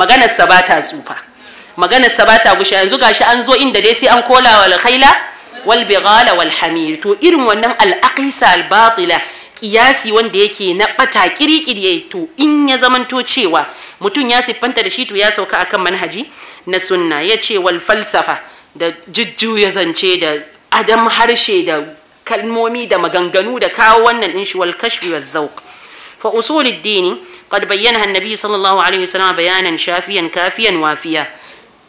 maganar saba ta tsufa maganar saba ta gushe yanzu gashi an zo inda dai sai an kola wal khaila wal bighala wal hamir to irin wannan al aqisa al batila kiyasi wanda yake na bata kirikiri to in ya zamanto cewa mutum ya siffanta da shi to ya sauka akan manhaji na sunna ya ce wal falsafa da jujjuya zance da adam harshe da kalmomi da maganganu da kawo wannan din shi wal kashfi wal zawq fa usulid dini قد بينها النبي صلى الله عليه وسلم بيانا شافيا كافيا وافيا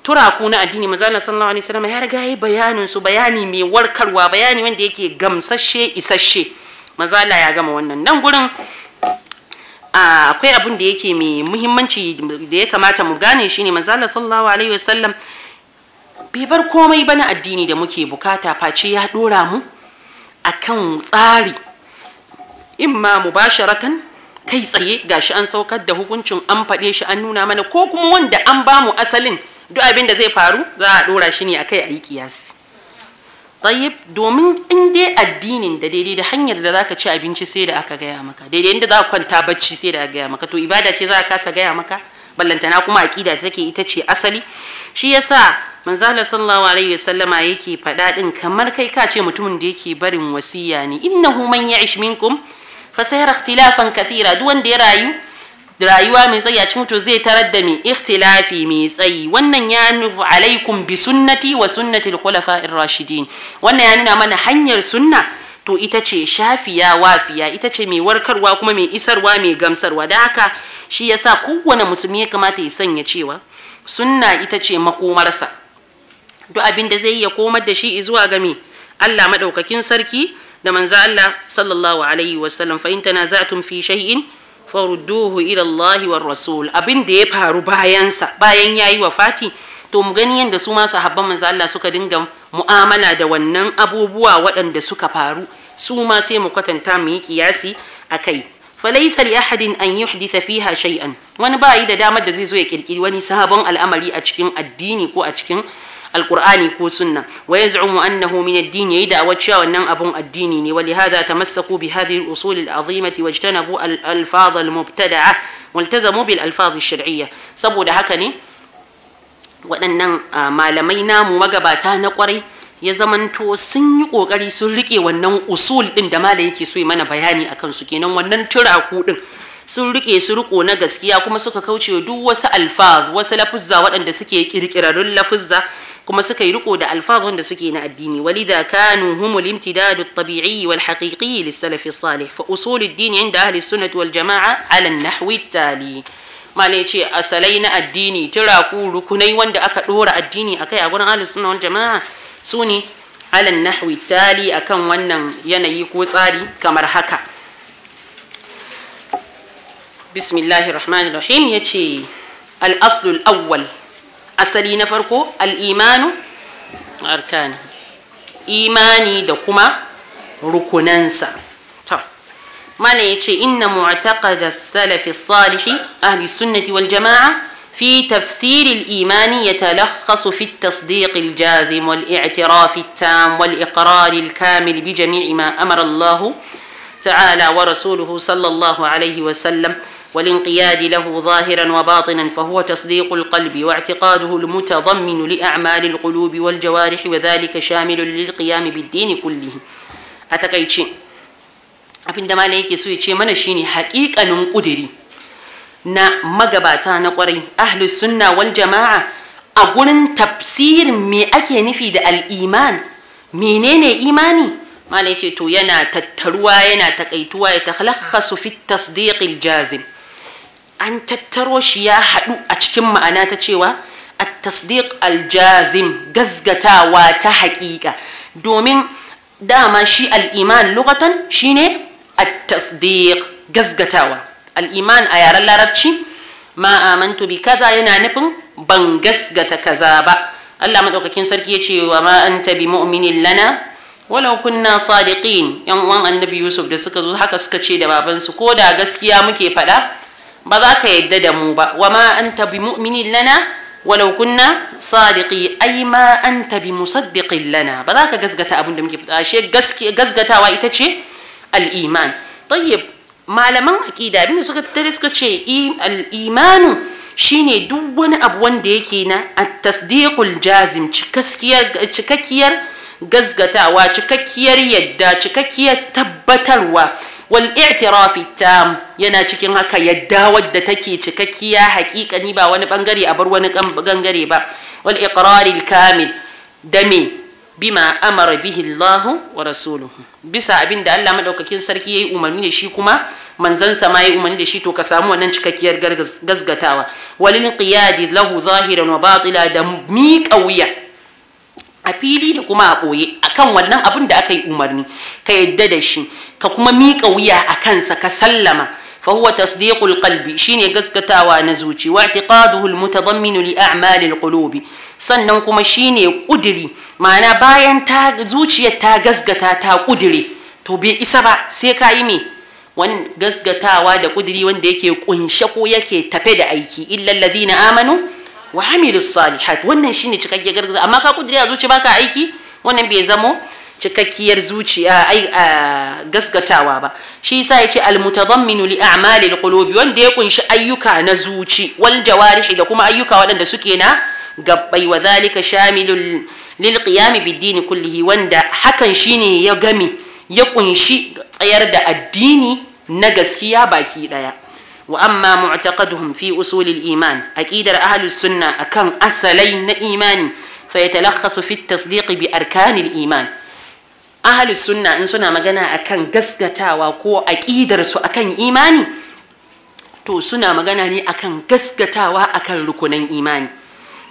turaku na addini manzala sallallahu alaihi wasallam ya riga yi bayanin su bayani mai warkarwa bayani wanda yake gamsashe isasshe manzala ya gama wannan nan gurin akwai abin yake mai muhimmanci da ya kamata mu gane shine manzala sallallahu alaihi wasallam bai bar komai ba na addini da muke bukata face ya dora mu akan tsari imma mubasharatan kai tsaye ga shi an saukar da hukuncin an faɗe shi an nuna mana ko kuma wanda an bamu asalin duk abin da zai faru za a ɗora shi ne a kai a yi kiyasi tsayib domin in dai addinin da daidai da hanyar da za ka ci abinci sai da aka gaya maka daidai inda za ka kwanta bacci sai da aka gaya maka to ibada ce za a kasa gaya maka ballantana kuma aƙida take ita ce asali shi yasa manzala sallallahu alaihi wasallama yake faɗa ɗin kamar kai ka ce mutumin da yake barin wasiya ne innahu man ya'ish minkum fa sayara ikhtilafan duk wanda ya rayu rayuwa mai tsayi a cikin to zai tarar da mai ikhtilafi mai tsayi wannan ya nufi alaikum bi sunnati wa sunnati al-khulafa rashidin wannan ya nuna mana hanyar sunna to ita ce shafiya wafiya ita ce mai warkarwa kuma mai isarwa mai gamsarwa da haka shi yasa kowane musulmi ya kamata ya sanya cewa sunna ita ce makomarsa duk abin da zai iya komar da shi zuwa ga me Allah madaukakin sarki da manzo Allah sallallahu alaihi wasallam fa in tanaza'tum fi shay'in farudduhu ila Allah war rasul abin da ya faru bayan sa bayan yayi wafati to mu gani yanda su ma sahabban manzo Allah suka dinga mu'amala da wannan abubuwa waɗanda suka faru su ma sai mu kwatanta mu yi kiyasi akai falaisa li ahadin an yuhditha fiha shay'an wani ba yi da damar da zai zo ya kirkiri wani sabon al'amari a cikin addini ko a cikin القرآن كو سنة ويزعم أنه من الدين يدا وشا ونن أبو الدين ولهذا تمسكوا بهذه الأصول العظيمة واجتنبوا الألفاظ المبتدعة والتزموا بالألفاظ الشرعية سبو دهكني ونن آه، ما لمينا موجبات نقري يا زمن تو سنج وقري سلكي ونن أصول إن دماليك سوي من بياني أكن سكين ونن ترى كودن suluke su ruko na gaskiya kuma suka kauce duk wasu alfaz wasu lafuzza waɗanda suke kirkirarun lafuzza كما سكيرقوا دا ألفاظ سكين الدين ولذا كانوا هم الامتداد الطبيعي والحقيقي للسلف الصالح فأصول الدين عند أهل السنة والجماعة على النحو التالي ما ليش أسلينا الدين ترى أقول كني وند الدين أكيا أقول أهل السنة والجماعة سوني على النحو التالي أكن ونن يني كوساري كمرحكة بسم الله الرحمن الرحيم يتشي الأصل الأول asali na farko al'imanu arkani imani da kuma rukunansa ta mana yace inna mu'taqada salafi salih ahli sunnati wal jama'a في تفسير الإيمان يتلخص في التصديق الجازم والاعتراف التام والإقرار الكامل بجميع ما أمر الله تعالى ورسوله صلى الله عليه وسلم والانقياد له ظاهرا وباطنا فهو تصديق القلب واعتقاده المتضمن لأعمال القلوب والجوارح وذلك شامل للقيام بالدين كله أتكيتشي أبن دماليك سويتشي من شيني حقيقة نمقدري نا مقباتان قري أهل السنة والجماعة أقول تفسير مي أكي نفيد الإيمان مينين إيماني ما ليتي تو ينا تتروى ينا تقيتوى يتخلخص في التصديق الجازم an tattaro shi ya haɗu a cikin ma'ana ta cewa at-tasdiq al-jazim gasgatawa ta haƙiƙa domin dama shi al-iman lugatan shine at-tasdiq gasgatawa al-iman a yaren larabci ma amantu bi kaza yana nufin ban gasgata kaza ba Allah madaukakin sarki ya ce wa ma anta bi mu'minin lana walau kunna sadiqin yan uwan annabi yusuf da suka zo haka suka ce da babansu ko da gaskiya muke faɗa ba za ka yadda da mu ba wa ma an tabi mu'minin lana walau kunna sadiqi ai ma an tabi musaddiqin lana ba za ka gasgata abin da muke fita ashe gasgatawa ita ce al-iman tayyib malaman aqida abin suka tattare suka ce al-imanu shine duk wani abu wanda yake na at-tasdiqul jazim cikakkiyar gasgatawa cikakkiyar yadda cikakkiyar tabbatarwa والاعتراف التام tam yana cikin haka yadda wadda take cikakkiya haƙiƙani ba wani bangare a bar wani bangare ba wal iqraril kamil dami bima amara bihi Allah wa rasuluhu bisa abinda Allah madaukakin sarki yayi umarni da shi kuma manzon sa ma yayi umarni da shi to ka samu wannan cikakkiyar gasgatawa walin qiyadi lahu zahiran wa batila da miƙa wuya a fili da kuma a ɓoye akan wannan abin da aka yi umarni ka yadda da shi ka kuma miƙa wuya a kansa ka sallama fa huwa tasdiqul qalbi shine gaskatawa na zuci wa i'tiqaduhu almutadammin li a'mali alqulubi sannan kuma shine kudiri ma'ana bayan ta zuciyar ta gasgata ta kudire to bai isa ba sai ka yi me wani gasgatawa da kudiri wanda yake kunshe ko yake tafe da aiki illal ladina amanu wa amilus salihat wannan shine cikakkiyar gargaza amma ka kudiri a zuci baka aiki wannan bai zamo cikakkiyar zuciya a gaskatawa ba shi yasa yace al mutadamminu li a'mali al qulubi wanda ya kunshi ayyuka na zuci wal jawarihi da kuma ayyuka waɗanda suke na gabbai wa zalika shamilul lil qiyam bid-din kullihi wanda hakan shine ya gami ya kunshi tsayar da addini na gaskiya baki daya وأما معتقدهم في أصول الإيمان أكيد أهل السنة أكم أصلين إيمان فيتلخص في التصديق بأركان الإيمان أهل السنة إن سنة مجنى أكن قصدتا وقو أكيد رسو أكن إيمان تو سنة مجنى أكن قصدتا وأكن ركنين إيمان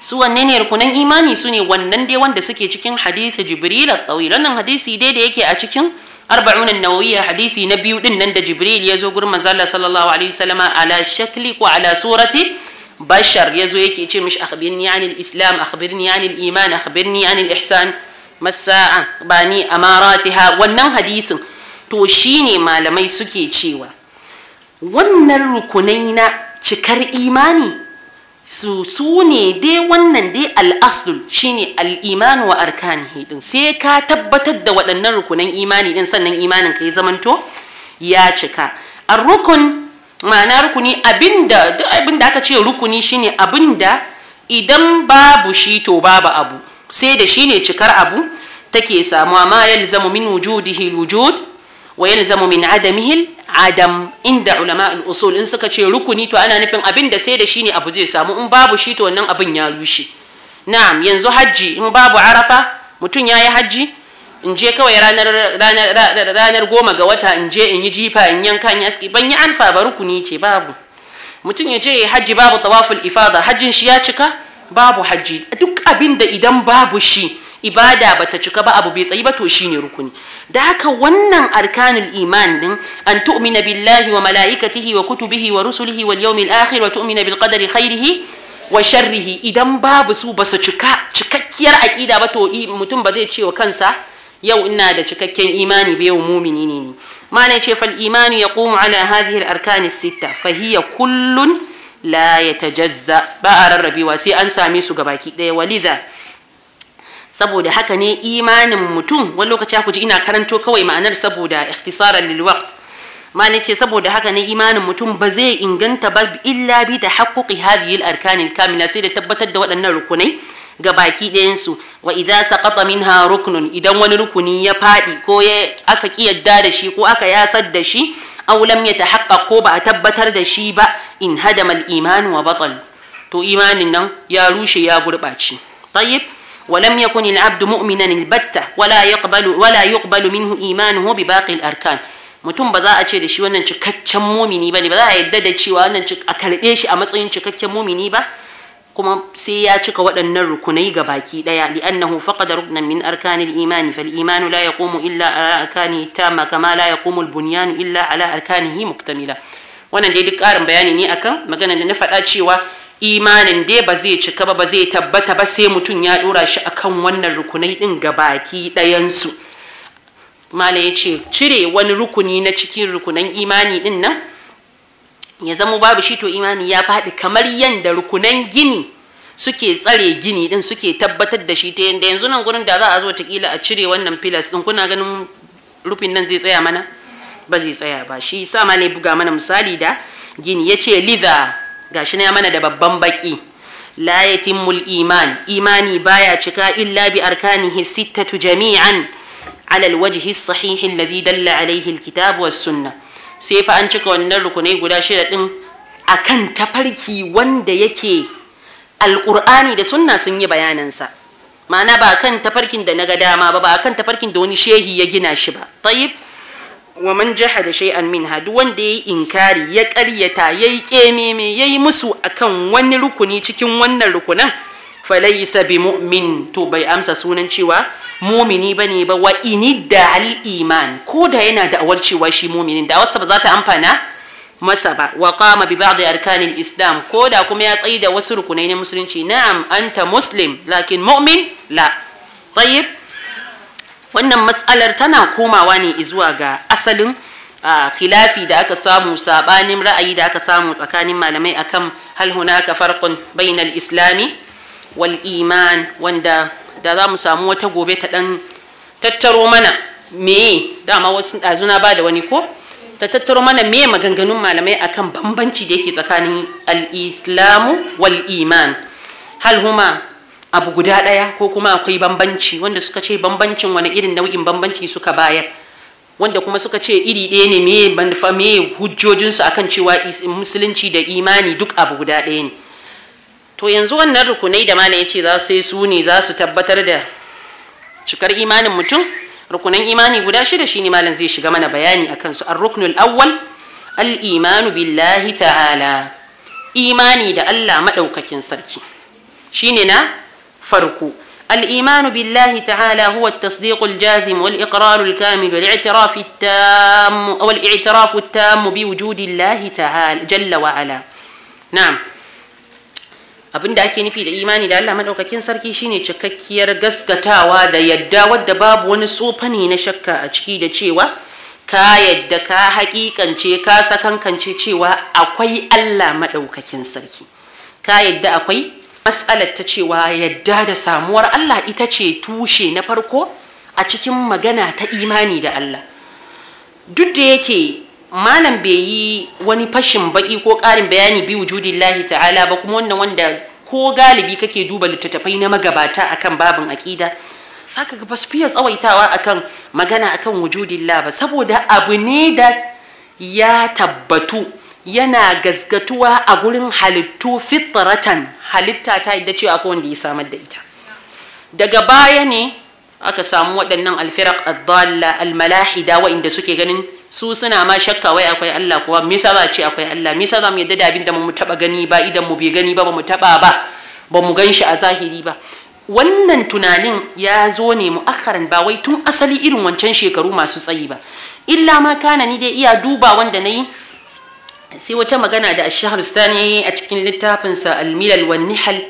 سوى نيني ركنين إيمان سنة ونندي وندسكي چكين حديث جبريل الطويل لأن حديث يدي دي أكي أچكين أربعون النووية حديثي نبي دنند جبريل يزو قرمز الله صلى الله عليه وسلم على شكلك وعلى صورة بشر يزو يكي إيه مش أخبرني عن الإسلام أخبرني عن الإيمان أخبرني عن الإحسان مساعة باني أماراتها ونن حديث توشيني ما لمي سكي تشيوا ونن ركنين شكر إيماني su su ne dai wannan dai al'aslul shine al'imanu wa arkanihi din sai ka tabbatar da waɗannan rukunan imani din sannan imanin ka ya zamanto ya cika ar-rukun ma'ana rukuni abinda duk abinda aka ce rukuni shine abinda idan babu shi to babu abu sai da shi ne cikar abu take samuwa ma yalzamu min wujudihi wujud wa yalzamu min Mihil, adam inda ulama al-usul in suka ce rukuni to ana nufin abin da sai da shi ne abu zai samu in babu shi to wannan abin ya rushe na'am yanzu hajji in babu arafa mutum ya yi hajji in je kawai ranar goma ga wata in je in yi jifa in yanka in aski ban yi alfa ba rukuni ce babu mutum ya je hajji babu tawaful ifada hajjin shi ya cika babu hajji duk abin da idan babu shi ibada bata cika ba abu bai tsayi ba to shine rukuni dan haka wannan arkanul iman din an tu'mina billahi wa malaikatihi wa kutubihi wa rusulihi wal yawmil akhir wa tu'mina bil qadari khairihi wa sharrihi idan babu su basu cika cikakkiyar aqida ba to mutum ba zai ce wa kansa yau ina da cikakken imani ba yau mumini ne ni mana ce fal imanu yaqumu ala hadhihi al arkan al sita fa hiya kullun la yatajazza ba a rarrabewa sai an same su gabaki daya walidha saboda haka ne imanin mutum wani lokaci ku ji ina karanto kawai ma'anar saboda ikhtisaran lil waqt mali ce saboda haka ne imanin mutum ba zai inganta ba illa bi da haƙƙoƙi hadhihi al-arkan al-kamila sai da tabbatar da waɗannan rukunai ga baki su wa idza saqata minha ruknun idan wani rukuni ya fadi ko ya aka kiyarda da shi ko aka yasar da shi aw lam yatahaqqaq ko ba a tabbatar da shi ba in hadama al-iman wa batal to imanin nan ya rushe ya gurbace tayyib ولم يكن العبد مؤمنا البتة ولا يقبل ولا يقبل منه إيمانه بباقي الأركان mutum ba za a ce da shi wannan cikakken mumini ba ne ba za a yadda da cewa wannan a karɓe shi a matsayin cikakken mumini ba kuma sai ya cika waɗannan rukunai ga baki ɗaya li'annahu faqada ruknan min arkanil imani fal imanu la yaqumu illa ala arkanihi tamma kama la yaqumu al bunyanu illa ala arkanihi muktamila wannan dai duk ƙarin bayani ne akan maganar da na faɗa cewa imanin dai ba zai cika ba ba zai tabbata ba sai mutum ya dora shi kan wannan rukunai din gabaki ɗayansu mala ya ce cire wani rukuni na cikin rukunan imani din nan ya zama babu shi to imani ya faɗi kamar yadda rukunan gini suke tsare gini din suke tabbatar da shi ta yadda yanzu nan gurin da za a zo takila a cire wannan filas din kuna ganin rufin nan zai tsaya mana ba zai tsaya ba shi sa ma ne buga mana misali da gini ya ce liza gashi na mana da babban baki la yatimul iman imani baya cika illa bi arkanihi sittatu jami'an ala alwajhi as-sahih alladhi dalla alayhi alkitab was sunnah sai fa an cika wannan rukunai guda shida din akan tafarki wanda yake alqur'ani da sunna sun yi bayanansa ma'ana ba kan tafarkin da na ga dama ba ba kan tafarkin da wani shehi ya gina shi ba tayyib ومن جحد شيئا منها دون دي إنكاري يكاريتا يي كيميمي يي مسو أكن ون لكني تكن ون لكنا فليس بمؤمن تو بي أمسا سونا شوا مؤمني بني با وإن دع الإيمان كودا ينا دعوال شوا شي مؤمن دعوال دعو سبزات أمبانا مسابا وقام ببعض أركان الإسلام كودا كم يسعيد وسركنين مسلم نعم أنت مسلم لكن مؤمن لا طيب wannan matsalar tana komawa ne zuwa ga asalin khilafi da aka samu sabanin ra'ayi da aka samu tsakanin malamai akan hal hunaka farqun bainal islami wal iman wanda da za mu samu wata gobe ta dan tattaro mana me dama wasu ɗazuna ba da wani ko ta tattaro mana me maganganun malamai akan bambanci da yake tsakanin al-islamu wal iman hal huma abu guda ɗaya ko kuma akwai bambanci wanda suka ce bambancin wani irin nau'in bambanci suka bayar wanda kuma suka ce iri ɗaya ne me manufa me hujjojinsu akan cewa musulunci da imani duk abu guda ɗaya ne to yanzu wannan rukunai da mana ya ce za su su ne za su tabbatar da cikar imanin mutum rukunan imani guda shida shi ne malam zai shiga mana bayani a kansu an ruknul awwal al imanu billahi ta'ala imani da allah maɗaukakin sarki shine na فرق الإيمان بالله تعالى هو التصديق الجازم والإقرار الكامل والاعتراف التام والاعتراف التام بوجود الله تعالى جل وعلا نعم abin da ake nufi da imani da Allah madaukakin sarki shine cikakkiyar gaskatawa da yadda wadda babu wani tsofani na shakka a ciki da cewa ka yadda ka hakikance ka sakankance cewa akwai Allah madaukakin sarki ka yadda akwai matsalar ta cewa yadda da samuwar Allah ita ce tushe na farko a cikin magana ta imani da Allah duk da yake malam bai yi wani fashin baki ko ƙarin bayani bi wujudillahi ta'ala ba kuma wannan wanda ko galibi kake duba littattafai na magabata akan babin aƙida zaka ga basu fiye tsawaitawa akan magana akan wujudillah ba saboda abu ne da ya tabbatu yana gazgatuwa a gurin halittu fitratan halitta ta yadda cewa akwai wanda ya samar da ita daga baya ne aka samu waɗannan alfirak addalla almalahida waɗanda suke ganin su suna ma shakka wai akwai Allah kuwa me yasa ba ce akwai Allah me yasa ba mu yadda da abin da mu taba gani ba idan mu bai gani ba ba mu taba ba ba mu gan shi a zahiri ba wannan tunanin ya zo ne mu'akkaran ba wai tun asali irin wancan shekaru masu tsayi ba illa ma kana ni dai iya duba wanda na yi sai wata magana da ash-shahrustani yayi a cikin littafinsa al-milal nihal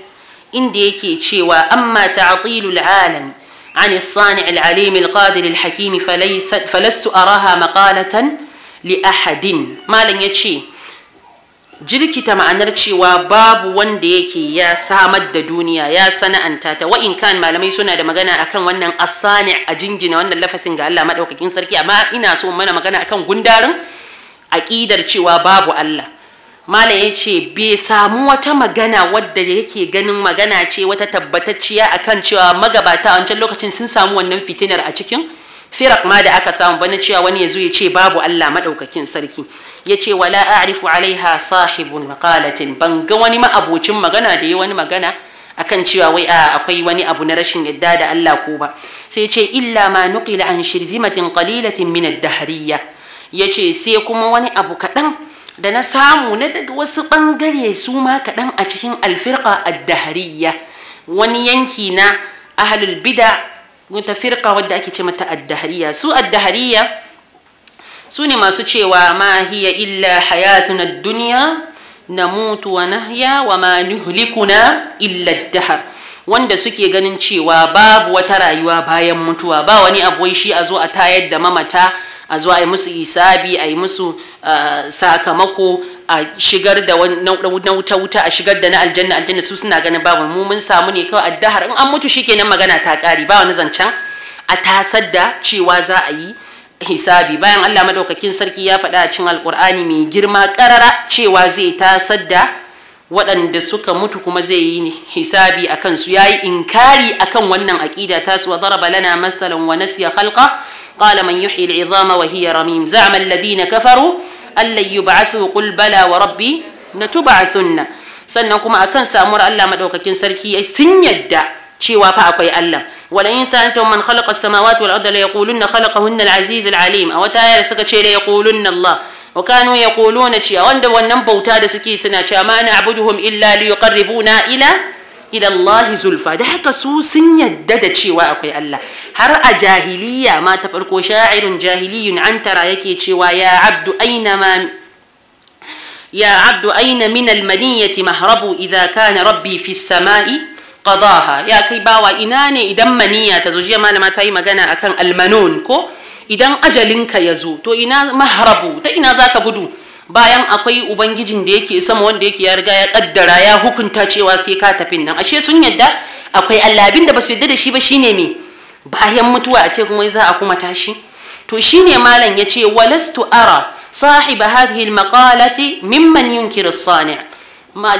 inda yake cewa amma ta'atilul alam an الصانع العليم القادر الحكيم فليس فلست أراها مقالة لأحد ما لن yace jirkita ma'anar cewa babu wanda yake ya samar da duniya ya sana'anta ta wa'in kan malamai suna da magana akan wannan asani a jingina wannan lafasin ga Allah madaukakin sarki amma ina so mana magana akan gundarin aƙidar cewa babu Allah Malam ya ce bai samu wata magana wadda yake ganin magana ce wata tabbatacciya akan cewa magabata a wancan lokacin sun samu wannan fitinar a cikin firak ma da aka samu na cewa wani ya zo ya ce babu Allah maɗaukakin sarki ya ce wala a'rifu alaiha sahibun maqalatin ban ga wani ma'abocin magana da ya wani magana akan cewa wai a akwai wani abu na rashin yadda da Allah ko ba sai ce illa ma nuqila an shirzimatin qalilatin min ad-dahriyya ya ce sai kuma wani abu kaɗan da na samu na daga wasu ɓangare su ma kaɗan a cikin alfirka addahariya wani yanki na ahalul bida wata firka wadda ake ce mata addahariya su addahariya su ne masu cewa ma hiya illa hayatuna duniya na mutu wa nahya wa ma nuhlikuna illa dahar wanda suke ganin cewa babu wata rayuwa bayan mutuwa ba wani abu shi a zo a tayar da mamata a zuwa a yi musu isabi a yi musu sakamako a shigar da na wuta wuta a shigar da na aljanna aljanna su suna ganin babu mu mun samu ne kawai addahar in an mutu shikenan magana ta kare ba wani zancen a tasar da cewa za a yi hisabi bayan Allah madaukakin sarki ya faɗa a cikin alkur'ani mai girma karara cewa zai tasar da waɗanda suka mutu kuma zai yi hisabi a kansu ya yi inkari a kan wannan aƙida tasu wa daraba lana masalan wa nasiya halka قال من يحيي العظام وهي رميم زعم الذين كفروا أن لن يبعثوا قل بلى وربي لتبعثن سننكم أكن سأمر ألا مدوك كن سركي سنيد شوا فأقوي ألا ولئن سألتم من خلق السماوات والأرض ليقولن خلقهن العزيز العليم أو تاير سكتشي ليقولن الله وكانوا يقولون شيء وندو ونبو تاد سكي سنة ما نعبدهم إلا ليقربونا إلى إلى الله زلفا ده حقا سو سن يدد تشيوا أقوي الله هر أجاهلية ما تفرقو شاعر جاهلي عن ترى يكي تشيوا يا عبد أينما يا عبد أين من المنية مهرب إذا كان ربي في السماء قضاها يا كيبا وإنان إذا منية تزوجي ما لما تاي مغانا أكان المنون كو إذا أجلنك يزو تو إنا مهرب تو إنا ذاك بدو bayan akwai ubangijin da yake sama wanda yake ya riga ya kaddara ya hukunta cewa sai ka tafi nan ashe sun yadda akwai Allah abin da ba su yadda da shi ba shine me bayan mutuwa a ce kuma za a kuma tashi to shine malam ya ce walastu ara sahiba hadhihi almaqalati mimman yunkir as-sani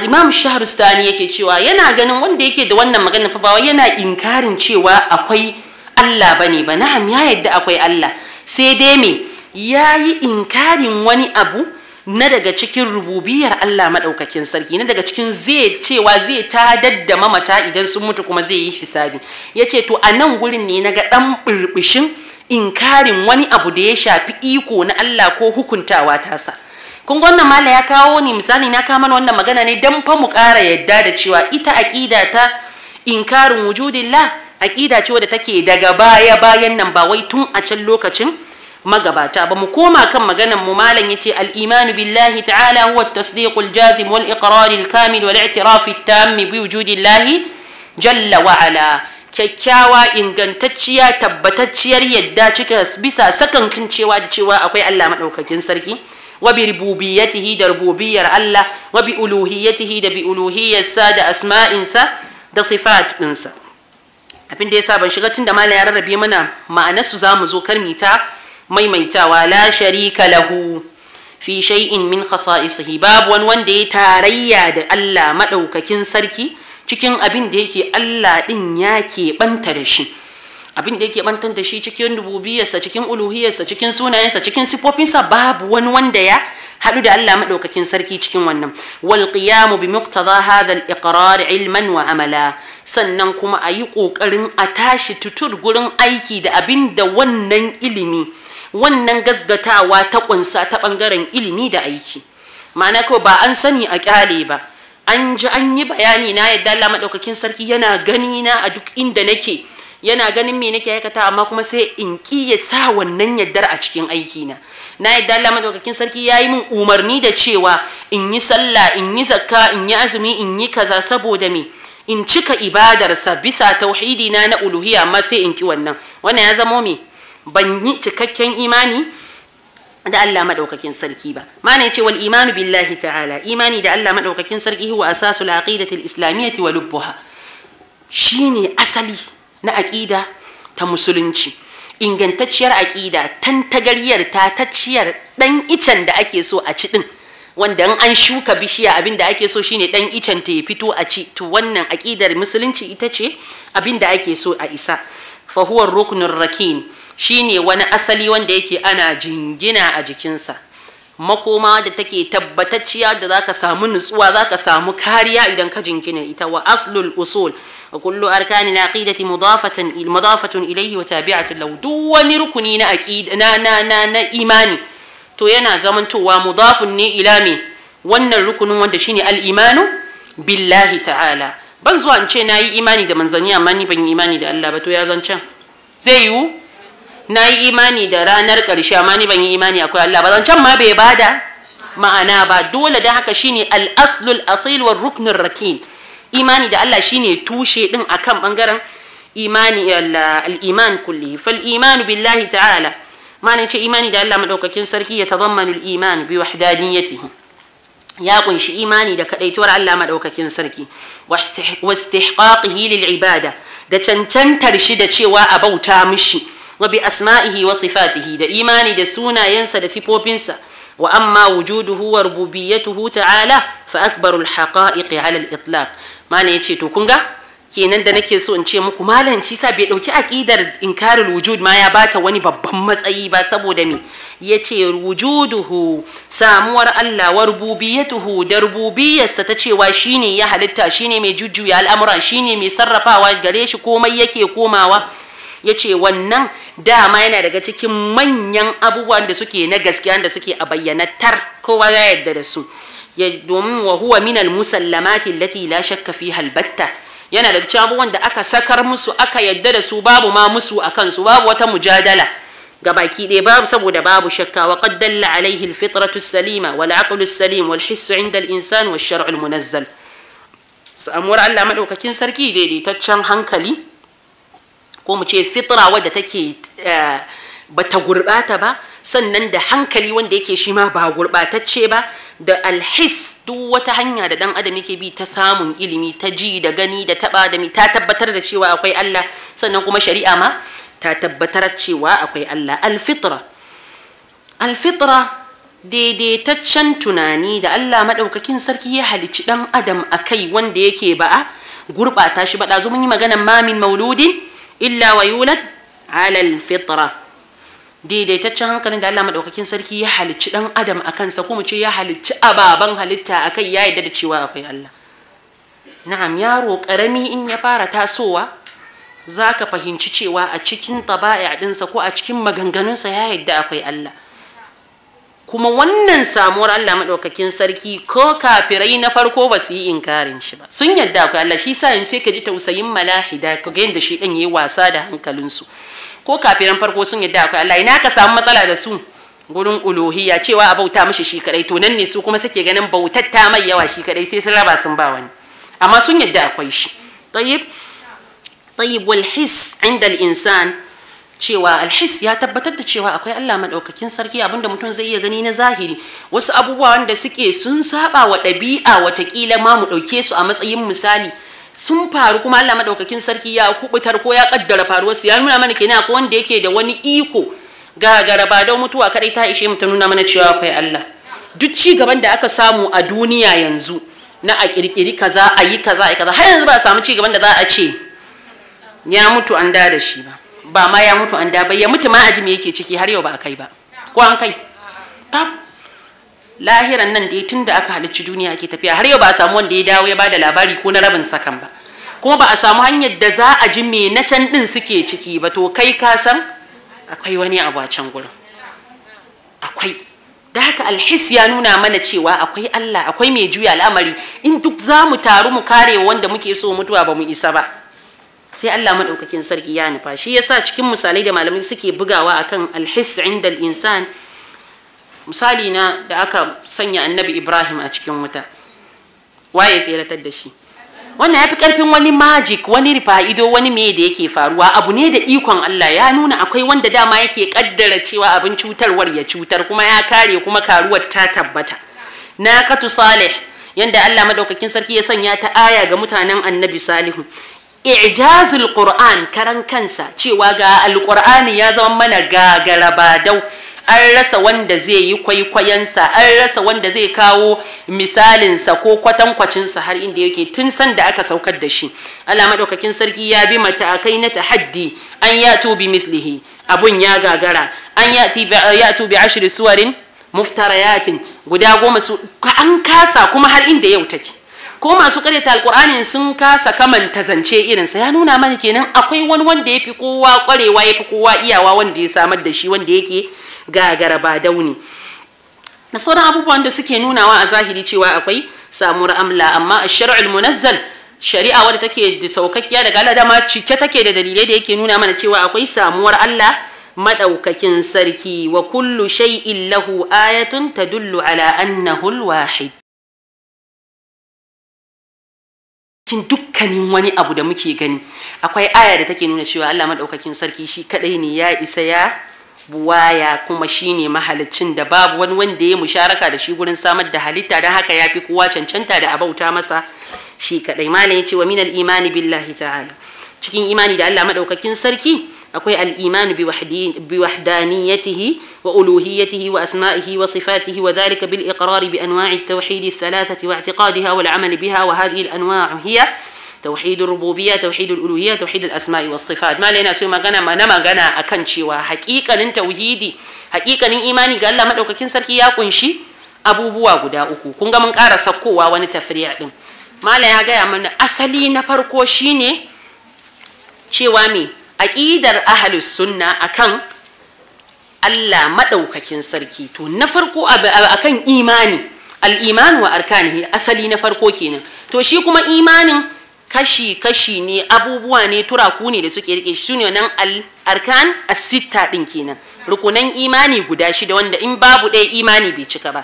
imam shahrustani yake cewa yana ganin wanda yake da wannan magana fa yana inkarin cewa akwai Allah bane ba na'am ya yadda akwai Allah sai dai me yayi inkarin wani abu na daga cikin rububiyar Allah maɗaukakin sarki na daga cikin zai cewa zai ta dadda mamata idan sun mutu kuma zai yi hisabi ya ce to a nan gurin ne naga ɗan ɓirɓishin inkarin wani abu da ya shafi iko na Allah ko hukuntawa tasa kun ga wannan mala ya kawo ni misali na kama wannan magana ne dan fa mu ƙara yadda da cewa ita aƙida ta inkarin wujudillah aƙida ce wadda take daga baya bayan nan ba wai tun a can lokacin magabata ba mu koma kan maganan mu malam yace al-imanu billahi ta'ala huwa at jazim wal iqrar al-kamil wal i'tiraf at-tam bi wujudillahi jalla wa ala kyakkyawa ingantacciya tabbatacciyar yadda cika bisa sakankin cewa da cewa akwai Allah madaukakin sarki wa bi rububiyyatihi da rububiyyar Allah wa bi uluhiyyatihi da bi sa da asma'insa da sifat ɗinsa abin da yasa ban shiga tun da malam ya rarrabe mana ma'anarsu su zamu zo karmita maimaitawa la sharika lahu fi shay'in min khasa'isihi babu wani wanda ya tarayya da Allah madaukakin sarki cikin abin da yake Allah din ya keɓanta da shi abin da yake da shi cikin rububiyarsa cikin uluhiyarsa cikin sunayensa cikin sifofinsa babu wani wanda ya hadu da Allah madaukakin sarki cikin wannan wal qiyamu bi muqtada hadha al iqrar ilman wa amala sannan kuma a yi ƙoƙarin a tashi tutur gurin aiki da abin da wannan ilimi wannan gasgatawa ta kunsa ta bangaren ilimi da aiki ma'ana ko ba an sani a kyale ba an ji an yi bayani na yadda Allah madaukakin sarki yana gani na a duk inda nake yana ganin me nake aikata amma kuma sai in ki sa wannan yaddar a cikin aiki na na yadda Allah madaukakin sarki yayi min umarni da cewa in yi sallah in yi zakka in yi azumi in yi kaza saboda me in cika ibadarsa bisa tauhidi na na uluhiyya amma sai in ki wannan wannan ya zama me banyi cikakken imani da Allah madaukakin sarki ba mana yace wal imanu billahi ta'ala imani da Allah madaukakin sarki huwa asasul aqidati al wa lubbuha shine asali na aqida ta musulunci ingantacciyar aqida ta tatacciyar dan icen da ake so a ci din wanda an an shuka bishiya abin da ake so shine dan icen ta ya fito a ci to wannan aqidar musulunci ita ce abin da ake so a isa fa huwa ar-ruknur rakin shine wani asali wanda yake ana jingina a jikinsa makoma da take tabbatacciya da zaka samu nutsuwa zaka samu kariya idan ka jingina ita wa aslul usul wa kullu arkanil aqidati mudafatan il mudafatun ilayhi wa tabi'atun lahu duk wani rukuni na aqida na na na, na imani to yana zamantowa mudafun ni ila me wannan rukunin wanda shine al-imanu billahi ta'ala ban zuwa in ce nayi imani da manzanni amma ni ban yi imani da Allah ba to ya zancan zai yi nayi imani da ranar karshe amma ni ban yi imani akwai Allah ba zan can ma bai bada ma'ana ba dole dan haka shine al-aslul asil wa ruknur rakin imani da Allah shine tushe din akan bangaren imani al-iman kulli fal iman billahi ta'ala ma'ana ce imani da Allah madaukakin sarki ya tazammanu al-iman bi wahdaniyatihi ya kunshi imani da kadaituwar Allah madaukakin sarki wa istihqaqihi lil ibada da cancantar shi da cewa a bauta mishi wa bi asma'ihi wa sifatihi da imani da sunayensa da sifofinsa wa amma wujuduhu wa rububiyyatuhu ta'ala fa akbarul haqa'iqi 'ala al-itlaq malam yace to kun ga kenan da nake so in ce muku malam shi sa bai dauki aqidar inkarul wujud ma ya bata wani babban matsayi ba saboda me yace wujuduhu samuwar Allah wa rububiyatuhu da rububiyarsa ta cewa shine ya halitta shine mai jujjuya al'amura shine mai sarrafawa gare shi komai yake komawa yace wannan dama yana daga cikin manyan abubuwan da suke na gaskiya da suke a bayyanatar kowa ya yarda da su ya domin wa huwa minal musallamati allati la shakka fi halbatta yana daga cikin abubuwan da aka sakar musu aka yarda da su babu ma musu akan su babu wata mujadala gabaki dai babu saboda babu shakka wa qad dalla alaihi alfitratu salima wal aqlu salim wal hiss inda al insan wash shar'u al munazzal samuwar Allah madaukakin sarki daidaitaccen hankali ko mu ce fitra wadda take eh, ta gurɓata ba sannan da hankali wanda yake shi ma ba gurbatacce ba da alhis duk wata hanya da dan adam yake bi ta samun ilimi ta ji da gani da taba da mi ta tabbatar da cewa akwai Allah sannan kuma shari'a ma ta tabbatar cewa akwai Allah alfitra alfitra daidaitaccen tunani da Allah madaukakin sarki ya halicci dan adam akai wanda yake ba'a gurbata shi ba da mun yi maganar mamin mauludin إلا ويولد على الفطرة دي دي تتشان كان دا الله مدوكا كين سركي يحل تشان أدم أكان سكوم تشي يحل تشابا بان هل تا أكي يا إدد تشوا أكي الله نعم يا روك أرمي إن يبارة تاسوة زاكا فهين تشيوا أتشكين طبائع دنسكو أتشكين مغنغنون سيا إدد أكي الله kuma wannan samuwar Allah madaukakin sarki ko kafirai na farko ba su yi inkarin shi ba sun yadda ku Allah shi sa in sai ka ji ta usayin malahida ka ga yadda shi dan yayi wasa da hankalin su ko kafiran farko sun yadda ku Allah ina ka samu matsala da su gurin uluhiyya cewa a bauta mishi shi kadai to nan ne su kuma suke ganin bautar ta mai yawa shi kadai sai sun raba sun ba wani amma sun yadda akwai shi tayyib tayyib wal his inda al-insan cewa alhis ya tabbatar da cewa akwai Allah madaukakin sarki abinda mutum zai iya gani na zahiri wasu abubuwa wanda suke sun saba wa ɗabi'a watakila ma mu ɗauke su a matsayin misali sun faru kuma Allah madaukakin sarki ya kubutar ko ya kaddara faruwar su ya nuna mana kenan akwai wanda yake da wani iko ga garaba don mutuwa kadai ta ishe mu ta nuna mana cewa akwai Allah duk ci gaban da aka samu a duniya yanzu na a kirkiri kaza a yi kaza a kaza har yanzu ba a samu ci gaban da za a ce ya mutu an da da shi ba ba ma ya mutu an da bai ya mutu ma aji me yake ciki har yau ba kai ba ko an kai lahiran nan dai tun da aka halicci duniya ake tafiya har yau ba a samu wanda ya dawo ya bada labari ko na rabin sakan ba kuma ba a samu hanyar da za a ji me na can din suke ciki ba to kai ka san akwai wani abu a can gurin akwai da haka alhis ya nuna mana cewa akwai Allah akwai mai juya al'amari in duk za mu taru mu kare wanda muke so mutuwa ba mu isa ba sai Allah madaukakin sarki ya nufa shi yasa cikin misalai da malamai suke bugawa akan alhis inda insan misali na da aka sanya annabi Ibrahim a cikin wuta waye tseratar da shi wannan yafi karfin wani magic wani rifa'ido wani me da yake faruwa abu ne da ikon Allah ya nuna akwai wanda dama yake kaddara cewa abin cutarwar ya cutar kuma ya kare kuma karuwar ta tabbata na katu salih yanda Allah madaukakin sarki ya sanya ta aya ga mutanen annabi salihu i'jazul qur'an karan kansa cewa ga alqur'ani ya zama mana gagara ba dau an rasa wanda zai yi kwaikwayensa an rasa wanda zai kawo misalinsa ko kwatankwacinsa har inda yake tun sanda aka saukar da shi Allah maɗaukakin sarki ya bi matakai na tahaddi an ya bi mislihi abun ya gagara an yato bi ashiri suwarin muftarayatin guda goma su an kasa kuma har inda yau take ko masu karyata alkur'ani sun kasa kamanta zance irinsa ya nuna mana kenan akwai wani wanda ya fi kowa kwarewa ya fi kowa iyawa wanda ya samar da shi wanda yake gagara ba dauni da sauran abubuwan da suke nunawa a zahiri cewa akwai samuwar amla amma a shari'ul munazzal shari'a wadda take da saukakiya daga Allah dama cike take da dalilai da yake nuna mana cewa akwai samuwar Allah madaukakin sarki wa kullu shay'in lahu ayatun tadullu ala annahu al-wahid cikin dukkanin wani abu da muke gani akwai aya da take nuna cewa Allah madaukakin sarki shi kadai ne ya isa ya buwaya kuma shi ne mahalicin da babu wani wanda ya musharaka da shi gurin samar da halitta don haka ya fi kowa cancanta da abauta masa shi kadai malam ya ce wa minal imani billahi ta'ala cikin imani da Allah madaukakin sarki أقول الإيمان بوحدانيته وألوهيته وأسمائه وصفاته وذلك بالإقرار بأنواع التوحيد الثلاثة واعتقادها والعمل بها وهذه الأنواع هي توحيد الربوبية توحيد الألوهية توحيد الأسماء والصفات ما لنا سوى ما ما نما غنى أكنشي وحقيقة توحيدي حقيقة إيماني قال لما لو كن سركي يا كنشي أبو بوا قدا أكو كن من قارة سكوا ونتفريع ما لنا أسلي نفر شي وامي aƙidar ahalus sunna akan Allah maɗaukakin sarki to na farko akan imani al'imani wa arkanihi asali na farko kenan to shi kuma imanin kashi-kashi ne abubuwa ne turaku ne da suke rike shi ne nan arkan asita ɗin kenan rukunan imani guda shida wanda in babu ɗaya imani bai cika ba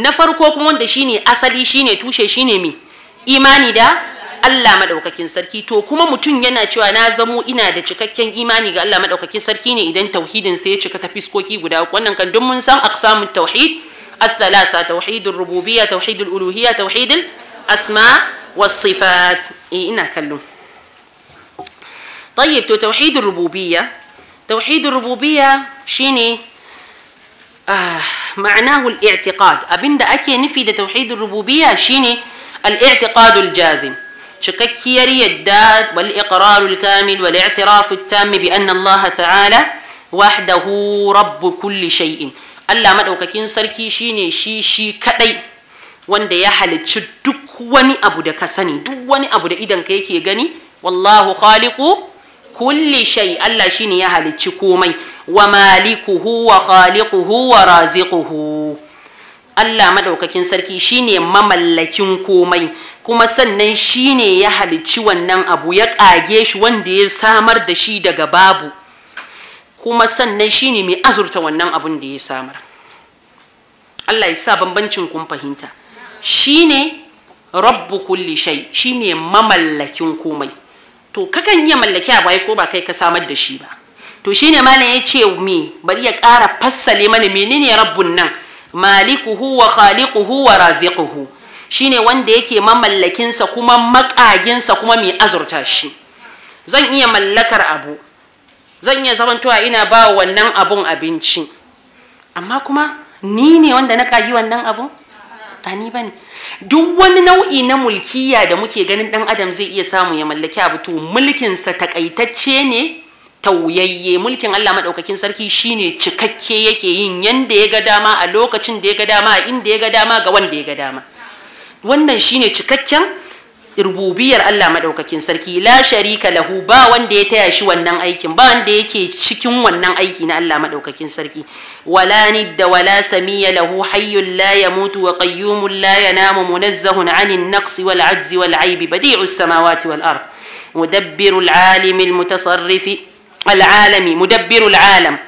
na farko kuma wanda shine asali shine tushe shine mai imani da Allah madaukakin sarki to kuma mutun yana cewa na zamo ina da cikakken imani ga Allah madaukakin sarki ne idan tauhidin sai ya cika ta fiskoki guda wannan kan duk mun san aqsamut tauhid الثلاثة توحيد الربوبية توحيد الألوهية توحيد الأسماء والصفات إيه إنا كلو طيب تو توحيد الربوبية توحيد الربوبية شيني آه معناه الاعتقاد أبند أكي نفي توحيد الربوبية شيني الاعتقاد الجازم شككير يداد والإقرار الكامل والاعتراف التام بأن الله تعالى وحده رب كل شيء ألا ما مدعوك كين سركي شيني شي شي كتاي وان دي حالي شدك واني أبو دا كساني دو واني أبو دا إدن كيكي يغني والله خالق كل شيء الله شيني يحالي شكومي ومالكه وخالقه ورازقه Allah madaukakin sarki shine mamallakin komai kuma sannan shine ya halicci wannan abu ya ƙage shi wanda ya samar da shi daga babu kuma sannan shine mai azurta wannan abun da ya samar Allah ya sa bambancin kun fahimta shine rabbu kulli shay shine mamallakin komai to kakan iya mallaki a bai ko ba kai ka samar da shi ba to shine malam ya ce mi bari ya ƙara fassale mana menene rabbun nan malikuhu wa khaliquhu wa raziquhu shine wanda yake mamallakinsa kuma sa kuma mai azurta shi zan iya mallakar abu zan iya zamantowa ina ba wannan abun abinci amma kuma ni ne wanda na kagi wannan abun a ni bane duk wani nau'i na mulkiya da muke ganin dan adam zai iya samu ya mallaki abu to sa takaitacce ne tauyayye mulkin Allah madaukakin sarki shine cikakke yake yin yanda ya ga dama a lokacin da ya ga dama inda ya ga dama ga wanda ya ga dama wannan shine cikakken rububiyar Allah madaukakin sarki la sharika lahu ba wanda ya taya shi wannan aikin ba wanda yake cikin wannan aiki na Allah madaukakin sarki wala nidda wala samiya lahu hayyul la yamutu wa qayyumul la yanamu munazzahun anin naqsi wal ajzi wal aibi badi'us samawati wal ard مدبر العالم المتصرف al'alami mudabbirul alam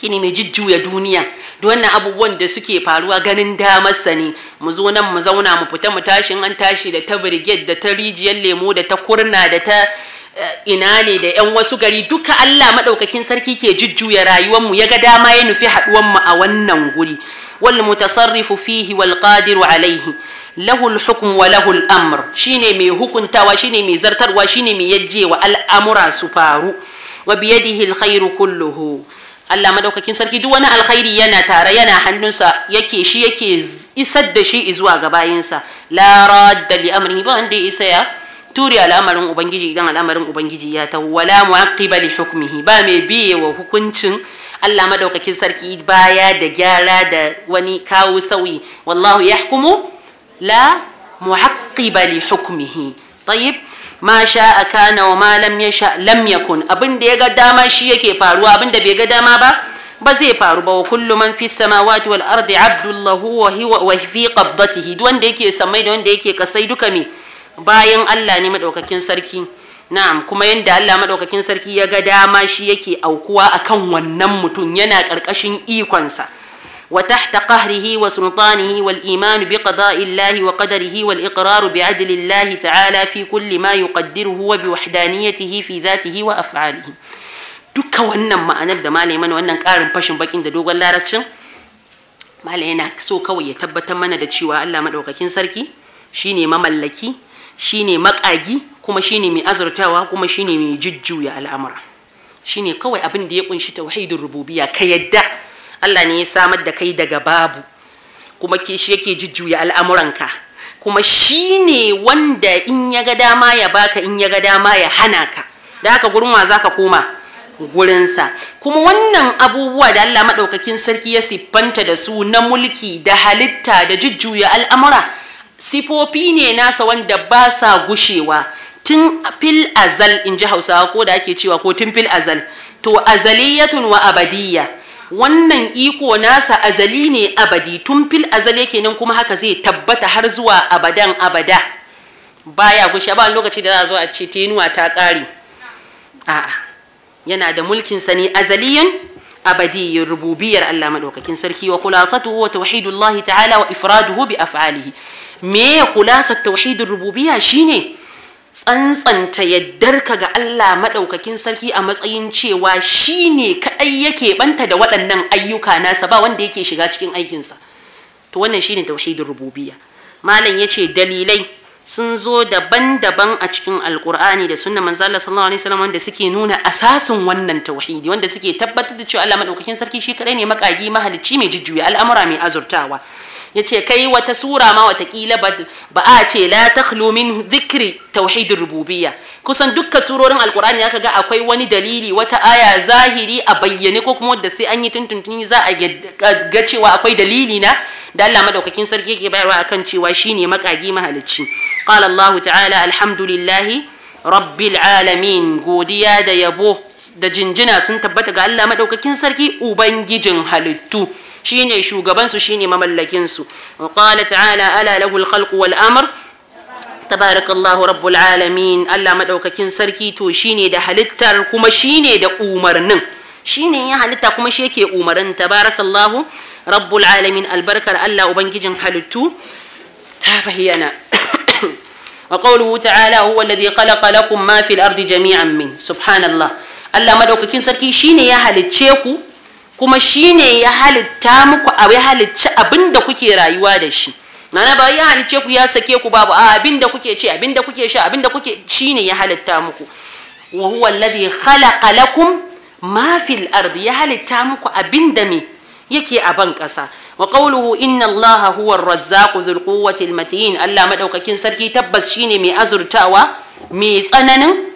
shine mai jujjuya duniya da wannan abubuwan da suke faruwa ganin damarsa ne mu zo nan mu zauna mu fita mu tashi an tashi da ta brigade da ta rijiyar lemo da ta kurna da ta eh, ina ne da yan wasu gari duka Allah madaukakin sarki ke jujjuya rayuwar mu ya ga dama ya nufi haduwar mu a wannan guri wal mutasarrifu fihi wal qadiru alaihi lahul hukm wa lahul amr shine mai hukuntawa shine mai zartarwa shine mai yajjewa al'amura su faru wa biyadihi alkhairu kulluhu Allah madaukakin sarki duk wani alkhairi yana tare yana hannunsa yake shi yake isar da shi zuwa ga bayinsa la radda li amrihi ba wanda isa ya turi al'amarin ubangiji idan al'amarin ubangiji ya tahu wala mu'aqqiba li hukmihi ba mai biye wa hukuncin Allah madaukakin sarki baya da gyara da wani kawo sauyi wallahu yahkumu la mu'aqqiba li hukmihi tayyib ma sha kana wa ma lam lam yakun abin da ya ga dama shi yake faruwa abin da bai ga dama ba ba zai faru ba wa kullu man fi samawati wal ardi abdullahu wa huwa wa fi qabdatihi duk wanda yake samai da wanda yake kasai duka me bayan Allah ne madaukakin sarki na'am kuma yanda Allah madaukakin sarki ya ga dama shi yake aukuwa akan wannan mutum yana ƙarƙashin ikonsa وتحت قهره وسلطانه والإيمان بقضاء الله وقدره والإقرار بعدل الله تعالى في كل ما يقدره وبوحدانيته في ذاته وأفعاله دوكا ما أنا ما لي من وانن كارم باشن باكين دا دوغا لاركشن ما لي أنا سو كوي يتبت من دا تشيوا ألا ما دوغا كين سركي شيني ما ملكي شيني مك أجي كما شيني مي أزر تاوا كما شيني مي ججو يا الأمر شيني كوي أبن ديكوين شي توحيد الربوبية كيدا Allah ne ya samar da kai daga babu kuma ke shi yake jujjuya al'amuranka kuma shi ne wanda in ya ga dama ya baka in ya ga dama ya hana ka da haka gurin wa za ka koma gurinsa kuma wannan abubuwa da Allah maɗaukakin sarki ya siffanta da su na mulki da halitta da jujjuya al'amura sifofi ne nasa wanda ba sa gushewa tun fil azal in ji hausawa ko da ake cewa ko tun fil azal to azaliyatun wa abadiyya wannan iko nasa azali ne abadi tun fil azali yake nan kuma haka zai tabbata har zuwa abadan abada baya gushe ba lokaci da za a zo a ce tenuwa ta ƙare a'a yana da mulkin sani azaliyan abadi rububiyar Allah madaukakin sarki wa khulasatuhu wa tauhidullahi ta'ala wa ifraduhu bi af'alihi me khulasat tauhidur rububiyya shine tsantsanta yaddarka ga Allah maɗaukakin sarki a matsayin cewa shi ne kaɗai yake ɓanta da waɗannan ayyuka nasa ba wanda yake shiga cikin aikinsa to wannan shi shine tauhidin rububiya. malam ya ce dalilai sun zo daban-daban a cikin alkur'ani da sunna manzo sallallahu alaihi wasallam wanda suke nuna asasin wannan tauhidi wanda suke tabbatar da cewa Allah madaukakin sarki shi kadai ne makagi mahalicci mai jujjuya al'amura mai azurtawa yace kai wata sura ma watakila ba a ce la takhlu min dhikri tauhidin kusan dukkan surorin alkur'ani ya kaga akwai wani dalili wata aya zahiri a bayyane ko kuma wadda sai an yi tuntuntuni za a ga cewa akwai dalili na da Allah madaukakin sarki yake bayarwa akan cewa shine makagi mahalicci qala Allah ta'ala alhamdulillahi rabbil alamin godiya da yabo da jinjina sun tabbata ga Allah madaukakin sarki ubangijin halittu shine shugabansu shine mamallakinsu wa qala ta'ala ala lahu al-khalqu wal amr tabarakallahu rabbul alamin Allah madaukakin sarki to shine da halittar kuma shine da umarnin shine ya halitta kuma shi yake umarnin tabarakallahu rabbul alamin albarkar Allah ubangijin halittu ta bayyana wa qawluhu ta'ala huwa alladhi khalaqa lakum ma fil ardi jami'an min subhanallah Allah madaukakin sarki shine ya halicce ku kuma shine ya halitta muku a ya halicci abinda kuke rayuwa da shi mana ba ya halicce ku ya sake ku babu a abinda kuke ce abinda kuke sha abinda kuke shine ya halitta muku wa huwa alladhi khalaqa lakum ma fil ard ya halitta muku abinda me yake a ban kasa wa qawluhu inna allaha huwa ar-razzaqu dhul quwwati al-matin Allah madaukakin sarki tabbas shine mai azurtawa mai tsananin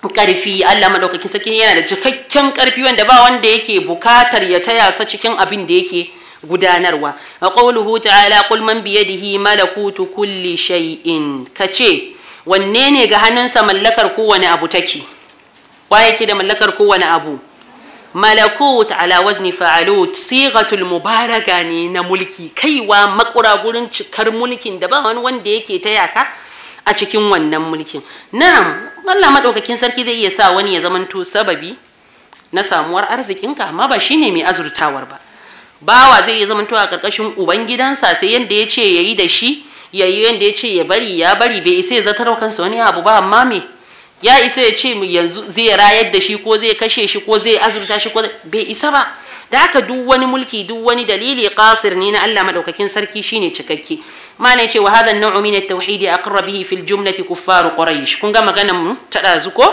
Ƙarfi Allah madaukakin sarki yana da cikakken karfi wanda ba wanda yake bukatar ya taya sa cikin abin da yake gudanarwa wa qawluhu ta'ala qul man bi yadihi malakutu kulli shay'in kace wanne ne ga hannunsa mallakar kowane abu take wa yake da mallakar kowane abu malakut ala wazni fa'alut sigatul mubaraka ne na mulki kaiwa makura gurin cikar mulkin da ba wani wanda yake taya ka a cikin wannan mulkin na'am Allah madaukakin sarki zai iya sa wani ya zamanto sababi na samuwar arzikinka amma ba shine mai azurtawar ba bawa zai iya zamanto a karkashin uban gidansa sai yanda ya ce yayi da shi yayi yanda ya ce ya bari ya bari bai isa ya zatarwa kansa wani abu ba amma me ya isa ya ce yanzu zai rayar da shi ko zai kashe shi ko zai azurta shi ko bai isa ba da haka duk wani mulki duk wani dalili qasir ne na Allah madaukakin sarki shine cikakke mana yace wa hadha an-naw'u min at-tauhid aqra bihi fil jumlati kuffar quraish kun ga maganar mu ta dazu ko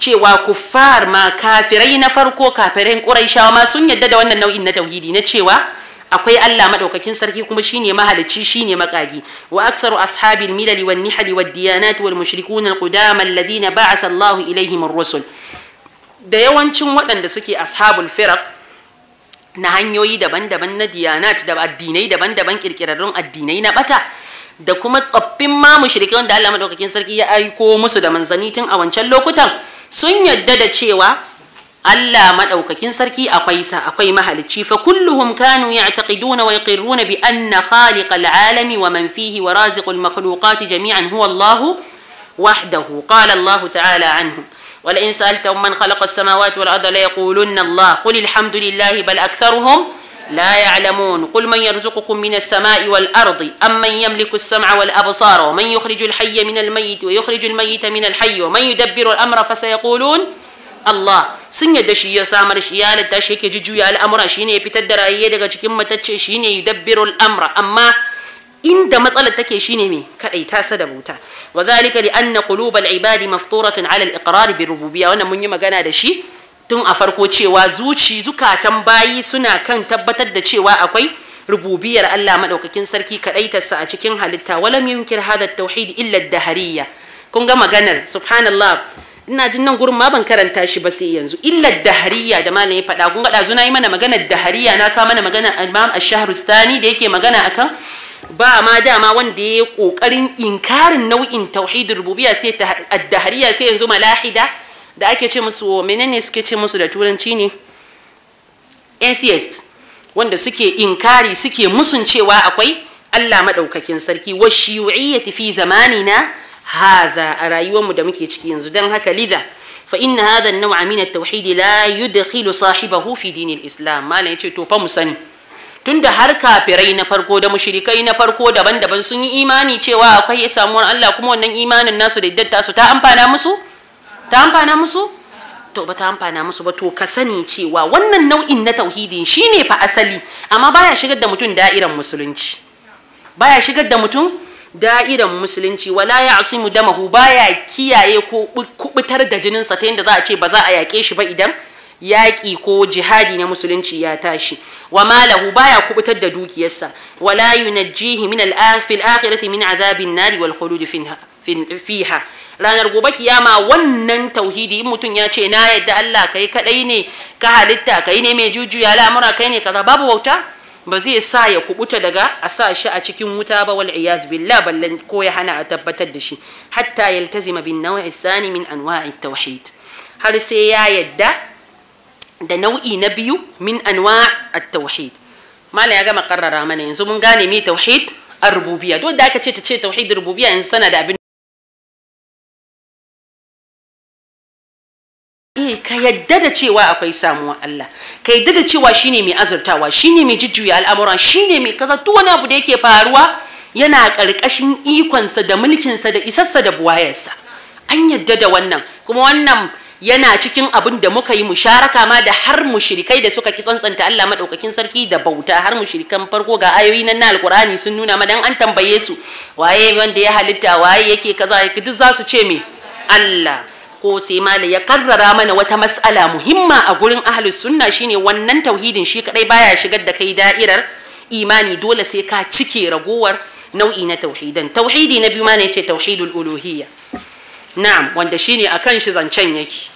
cewa kuffar ma kafirai na farko kafirai quraishawa ma sun yadda da wannan nau'in na tauhidi na cewa akwai Allah madaukakin sarki kuma shine mahalicci shine makagi wa aktsaru ashabil milali wan nihali wad diyanat wal mushrikun al qudam alladhina ba'atha Allah ilayhim ar-rusul da yawancin wadanda suke ashabul firaq na hanyoyi daban-daban na diyanat da addinai daban-daban kirkirarrun addinai na bata da kuma tsoffin ma mushrikai wanda Allah madaukakin sarki ya aiko musu da manzani tun a wancan lokutan sun yadda da cewa Allah madaukakin sarki akwai sa akwai mahalicci fa kulluhum kanu ya'taqiduna wa yaqirruna bi anna khaliqal alami wa man fihi wa raziqul makhluqati jami'an huwa Allah wahdahu qala Allah ta'ala anhum ولئن سألتهم من خلق السماوات والأرض ليقولن الله قل الحمد لله بل أكثرهم لا يعلمون قل من يرزقكم من السماء والأرض أم من يملك السمع والأبصار ومن يخرج الحي من الميت ويخرج الميت من الحي ومن يدبر الأمر فسيقولون الله sun yadda shi ya samar shi ya halatta shi yake jujjuya al'amura shine ya fitar inda matsalar take shine me kadai ta sa da buta wa zalika li anna qulubal ibadi mafturatan ala al iqrar bi rububiyya wannan mun yi magana da shi tun a farko cewa zuci zukatan bayi suna kan tabbatar da cewa akwai rububiyar Allah madaukakin sarki kadai ta sa a cikin halitta wala yunkir hada tauhid illa dahariyya kun ga maganar subhanallah ina jin nan gurin ma ban karanta shi ba sai yanzu illa ad-dahariyya da malam ya faɗa kun ga dazu na yi mana magana maganar dahariyya na ka mana maganar imam ash-shahrustani da yake magana akan ba ma dama wanda ya kokarin inkarin nau'in tauhidin rububiyya sai ta addahariya sai yanzu malahida da ake ce musu menene suke ce musu da turanci ne atheist wanda suke inkari suke musun cewa akwai Allah madaukakin sarki wa shiyu'iyyati fi zamanina haza a rayuwarmu da muke ciki yanzu dan haka lida fa inna hadha an-naw'a min at-tauhid la yudkhilu sahibahu fi dinil islam ya ce to fa mu sani tunda har kafirai na farko da mushrikai na farko daban-daban sun yi imani cewa akwai samuwar Allah kuma wannan imanin nasu da su ta amfana musu ta amfana musu to ba ta amfana musu ba to ka sani cewa wannan nau'in na tauhidin shine fa asali amma baya shigar da mutum da'iran musulunci baya shigar da mutum da'iran musulunci wala ya asimu damahu baya kiyaye ko kubutar da jinin sa ta yadda za a ce ba za a yake shi ba idan yaki ko jihadi na musulunci ya tashi wa malahu baya kubutar da dukiyarsa wala yunajjihi min al-akhir akhirati min azabin nari wal khulud fiha ranar gobe kiyama wannan tauhidi in mutun ya ce na yadda Allah kai kadai ne ka halitta kai ne mai jujuya lamura kai ne kaza babu wauta ba zai sa ya kubuta daga a sa shi a cikin wuta ba wal iyaz billah ballan ko ya hana a tabbatar da shi hatta yaltazima bin naw'i thani min anwa'i tauhid har sai ya yadda da nau'i na biyu min anwa at-tauhid malam ya gama karrara mana yanzu mun gane mi tauhid ar-rububiyya duk da aka ce ta ce tauhid rububiyya yanzu sana da abin eh ka yadda da cewa akwai samuwa Allah ka yadda da cewa shine mai azurtawa shine mai jujjuya al'amuran shine mai kaza duk wani abu da yake faruwa yana ƙarƙashin ikonsa da mulkinsa da isarsa da buwayarsa an yadda da wannan kuma wannan yana cikin abin da muka yi musharaka ma da har mushrikai da suka ki tsantsanta Allah madaukakin sarki da bauta har mushrikan farko ga ayoyi nan na alkurani sun nuna ma dan an tambaye su waye wanda ya halitta waye yake kaza duk za su ce me Allah ko sai mala ya karrara mana wata mas'ala muhimma a gurin ahlus sunna shine wannan tauhidin shi kadai baya shigar da kai da'irar imani dole sai ka cike ragowar nau'i na tauhidan tauhidi na biyu ma ne ce tauhidul uluhiyya na'am wanda shine akan shi zancen yake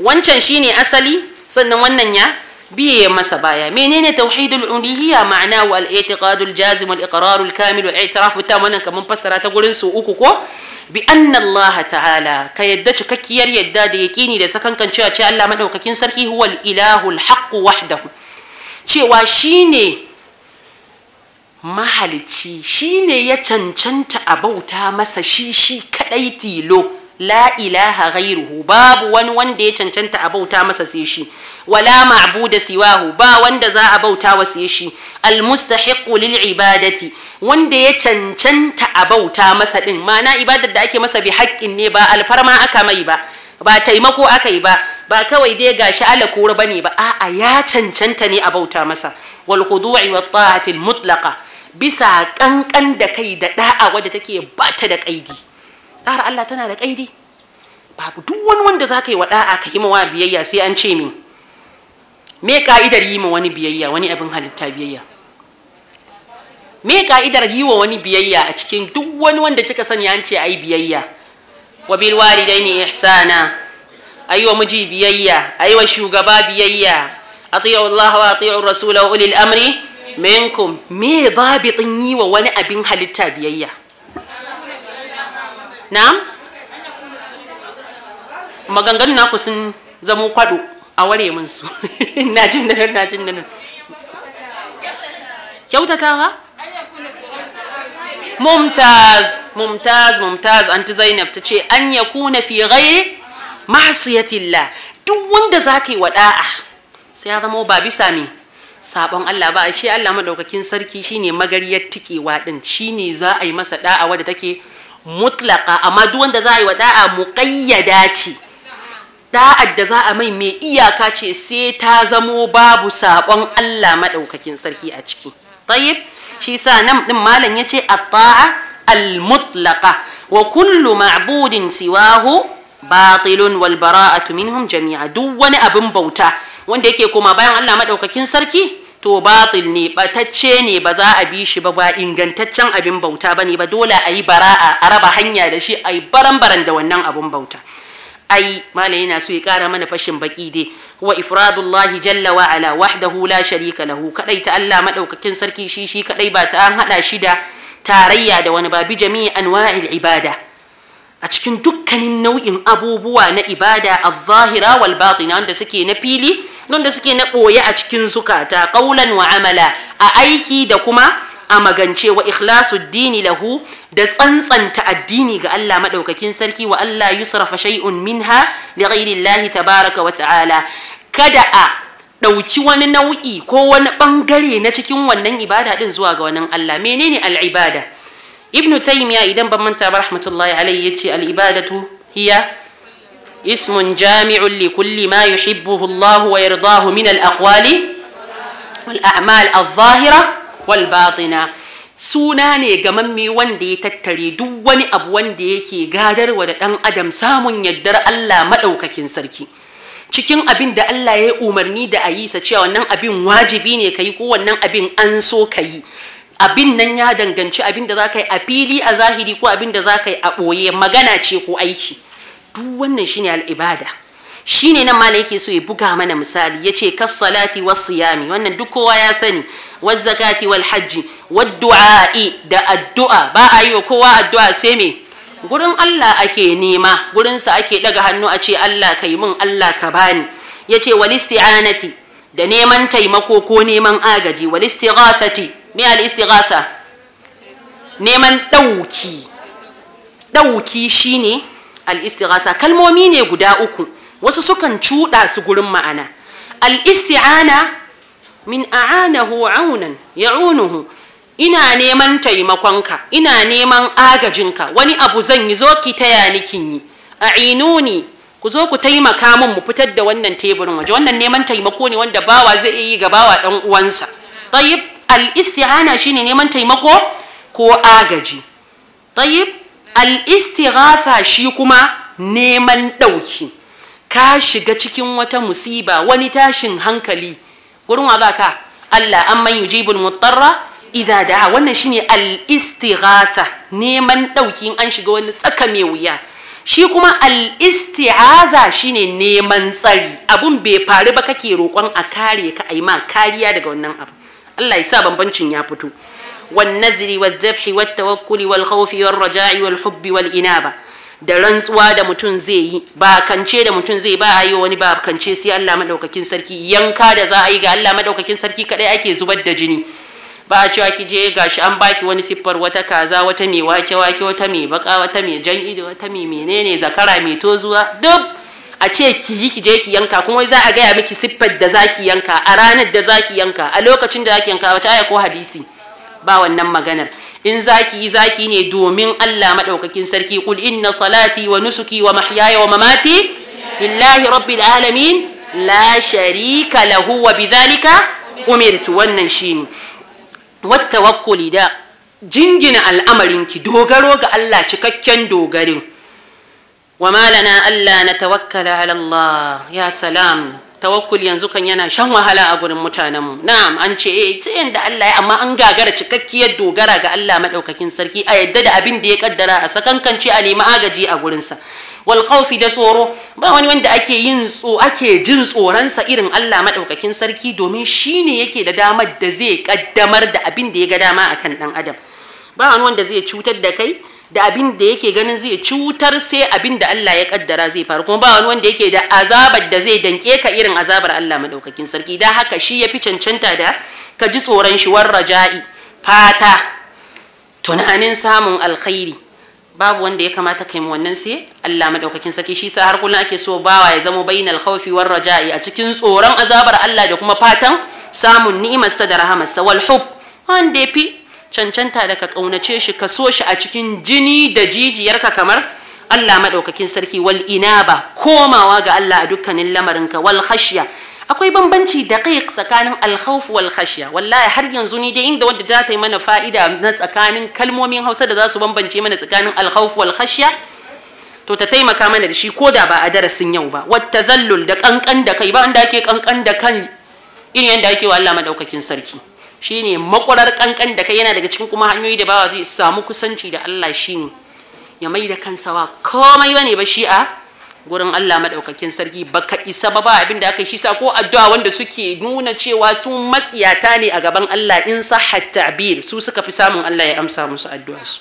wancan shine asali sannan wannan ya biye masa baya menene tauhidul uluhiyya ma'ana wal i'tiqadul jazim wal iqrarul kamil wal i'tirafu ta wannan kaman fassara ta gurin su uku ko bi anna Allah ta'ala ka yadda cikakkiyar yadda da yaqini da sakankan cewa ce Allah madaukakin sarki huwal ilahul haqq wahdahu cewa shine mahalicci shine ya cancanta a bauta masa shi shi kadai tilo la ilaha ghairuhu babu wani wanda ya cancanta a bauta masa sai shi wala ma'buda siwahu ba wanda za a bauta wa sai shi al lil ibadati wanda ya cancanta a bauta masa din ma'ana ibadar da ake masa bi haƙƙin ne ba alfarma aka mai ba ba taimako aka yi ba ba kawai dai ga shi ala kura bane ba a'a ya cancanta ne a bauta masa wal khudu'i wat ta'ati al mutlaqa bisa kankan da kai da ɗa'a wadda take bata da kaidi ƙara Allah tana da ƙaidi babu duk wani wanda za ka yi wa ka yi mawa biyayya sai an ce min me ka'idar yi ma wani biyayya wani abin halitta biyayya me ka'idar yi wa wani biyayya a cikin duk wani wanda kika sani an ce ai biyayya wa bil walidaini ihsana ai wa miji biyayya ai wa shugaba biyayya ati'u Allah wa ati'u Rasul wa ulil amri minkum me babitin yi wa wani abin halitta biyayya na'am maganganu naku sun zamo kwado a ware min su na jin da na jin da nan kyautatawa mumtaz mumtaz mumtaz anti zainab ta ce an ya fi ghairi ma'asiyatillah duk wanda za wa ɗa'a sai ya zama ba bisa me sabon Allah ba shi Allah madaukakin sarki shine magariyar tikewa din shine za a yi masa da'a wadda take mutlaka amma duk wanda za a yi wa da'a muƙayyada ce da'ar da za a mai mai iyaka ce sai ta zamo babu saƙon Allah maɗaukakin sarki a ciki tayyib shi sa nan ɗin malam ya ce ta'a al mutlaka wa kullu ma'budin siwahu batilun wal bara'atu minhum jami'a duk wani abin bauta wanda yake koma bayan Allah maɗaukakin sarki to batil ne batacce ne ba za a bi shi ba ba ingantaccen abin bauta ba ne ba dole a yi bara'a a raba hanya da shi a yi baran-baran da wannan abin bauta ai malai yana so ya kara mana fashin baki dai wa ifradullahi jalla wa ala wahdahu la sharika lahu kadai ta Allah madaukakin sarki shi shi kadai ba ta an hada shi da tarayya da wani ba bi jami'i anwa'il ibada a cikin dukkanin nau'in abubuwa na ibada a zahira wal batina wanda suke na fili wanda suke na ɓoye a cikin zukata ƙaulan wa amala a aiki da kuma a magance wa ikhlasu dini lahu da tsantsanta addini ga Allah madaukakin sarki wa Allah yusrafa shay'un minha li ghairi tabaraka wa ta'ala kada a ɗauki wani nau'i ko wani ɓangare na cikin wannan ibada ɗin zuwa ga wannan Allah menene al'ibada ibn تيمية idan ban manta الله عليه يتي الإبادة هي ibadatu جامع لكل ما يحبه الله ويرضاه من الأقوال والأعمال الظاهرة والباطنة al aqwali wal تتري al zahira wal batina suna ne gamamme wanda ya tattare duk wani abu cikin abin da Allah ya umarni da Ayisa cewa nan abin wajibi ne kai ko wannan abin an so kai abin nan ya danganci abin da za ka yi a fili a zahiri ko abin da za ka yi a ɓoye magana ce ko aiki duk wannan shine al'ibada shine nan malam yake so ya buga mana misali yace kas salati was siyami wannan duk kowa ya sani was zakati wal hajji wad du'a'i da addu'a ba a yi wa kowa addu'a sai me gurin Allah ake nema gurin sa ake daga hannu a ce Allah kai mun Allah ka bani yace wal isti'anati da neman taimako ko neman agaji wal istighathati me al neman ɗauki ɗauki shine al kalmomi ne guda uku wasu sukan cuɗa su gurin ma'ana al-isti'ana min a'anahu aunan ya'unuhu ina neman taimakonka ina neman agajinka wani abu zan yi zo ki taya ni kin yi a'inuni ku zo ku taimaka min mu fitar da wannan teburin waje wannan neman taimako ne wanda bawa zai yi ga bawa dan uwansa tayib al shi shine neman taimako ko agaji tayyib al-istighatha shi kuma neman dauki ka shiga cikin wata musiba wani tashin hankali wurin wa ka Allah amman yujibul mutarra idza da'a wannan shine al-istighatha neman dauki an shiga wani tsaka mai wuya shi kuma al-isti'aza shine neman tsari abun bai faru ba kake roƙon a kare ka a yi ma kariya daga wannan abu Allah ya sa bambancin ya fito wan nadhri wal dhabhi tawakkuli wal khawfi wal raja'i wal hubbi wal inaba da rantsuwa da mutum zai yi ba kance da mutum zai ba wa wani ba kance sai Allah madaukakin sarki yanka da za a yi ga Allah madaukakin sarki kadai ake zubar da jini ba a cewa ki je gashi an baki wani siffar wata kaza wata mai wake wake wata mai baka wata mai jan ido wata mai menene zakara mai tozuwa duk a ce ki yi ki je ki yanka kuma za a gaya miki siffar da zaki yanka a ranar da zaki yanka a lokacin da zaki yanka wata aya ko hadisi ba wannan maganar in zaki yi zaki ne domin Allah madaukakin sarki kul inna salati wa nusuki wa mahyaya wa mamati lillahi rabbil alamin la sharika lahu wa bidhalika umirtu wannan shine wat da jingina al'amarin ki dogaro ga Allah cikakken dogarin wama lana allah na ala Allah ya salam tawakkul yanzu kan yana shan wahala a gurin mutanenmu na'am an ce eh ta yanda Allah ya amma an gagara cikakkiyar dogara ga Allah madaukakin sarki a yadda da abin da ya kaddara a sakankance a nemi agaji a gurinsa wal khawfi da tsoro ba wani wanda ake yin tso ake jin tsoronsa irin Allah madaukakin sarki domin shine yake da damar da zai kaddamar da abin da ya ga dama akan dan adam ba wani wanda zai cutar da kai da abin da yake ganin zai cutar sai abin da Allah ya kaddara zai faru kuma ba wani wanda yake da azabar da zai danke ka irin azabar Allah madaukakin sarki dan haka shi ya fi cancanta da ka ji tsoron shi war raja'i fata tunanin samun alkhairi babu wanda ya kamata kai mu wannan sai Allah madaukakin sarki shi sa har kullun ake so bawa ya zama bainal khawfi war raja'i a cikin tsoron azabar Allah da kuma fatan samun ni'imarsa da sa wal hub wanda fi. cancanta da ka ƙaunace shi ka so shi a cikin jini da jijiyarka kamar Allah maɗaukakin sarki wal inaba komawa ga Allah a dukkanin lamarinka wal khashya akwai bambanci daƙiƙ tsakanin alkhawf wal khashya wallahi har yanzu ni dai inda wanda ta yi mana fa'ida na tsakanin kalmomin Hausa da za su bambance mana tsakanin alkhawf wal khashya to ta taimaka mana da shi koda ba a darasin yau ba wata zallul da kankan da kai ba wanda ake kankan da kan irin yadda ake wa Allah maɗaukakin sarki shine makwarar kankan da kai yana daga cikin kuma hanyoyi da bawa zai samu kusanci da Allah shine ya mai da kansa ba komai bane ba shi a gurin Allah madaukakin sarki baka isa ba ba abin da aka shi sa ko addu'a wanda suke nuna cewa su matsiyata ne a gaban Allah in sahad ta'bir su suka fi samun Allah ya amsa musu addu'a su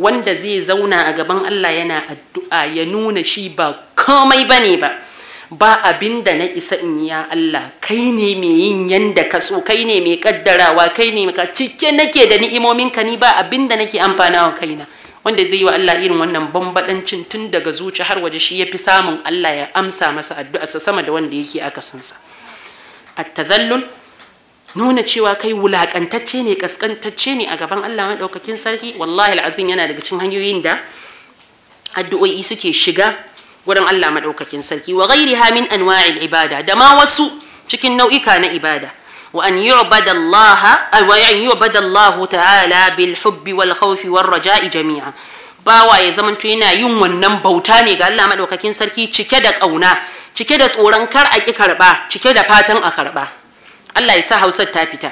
wanda zai zauna a gaban Allah yana addu'a ya nuna shi ba komai bane ba ba abin da na isa in ya Allah kai ne mai yin yanda ka so kai ne mai kaddarawa kai ne ka cike nake da ni'imomin ka ni ba abin da nake amfana wa kaina wanda zai yi wa Allah irin wannan bambadancin tun daga zuci har waje shi yafi samun Allah ya amsa masa sa sama da wanda yake akasinsa at-tadhallul nuna cewa kai wulakantacce ne kaskantacce ne a gaban Allah madaukakin sarki wallahi al'azim yana daga cikin hanyoyin da addu'o'i suke shiga wurin Allah madaukakin sarki wa ghairiha min anwa'il ibada da ma wasu cikin nau'ika na ibada wa an yu'bada Allah wa an yu'bada Allah ta'ala bil hubbi wal khawfi war raja'i bawa ya zamanto yana yin wannan bauta ne ga Allah madaukakin sarki cike da kauna cike da tsoron kar a ki karba cike da fatan a karba Allah ya sa Hausar ta fita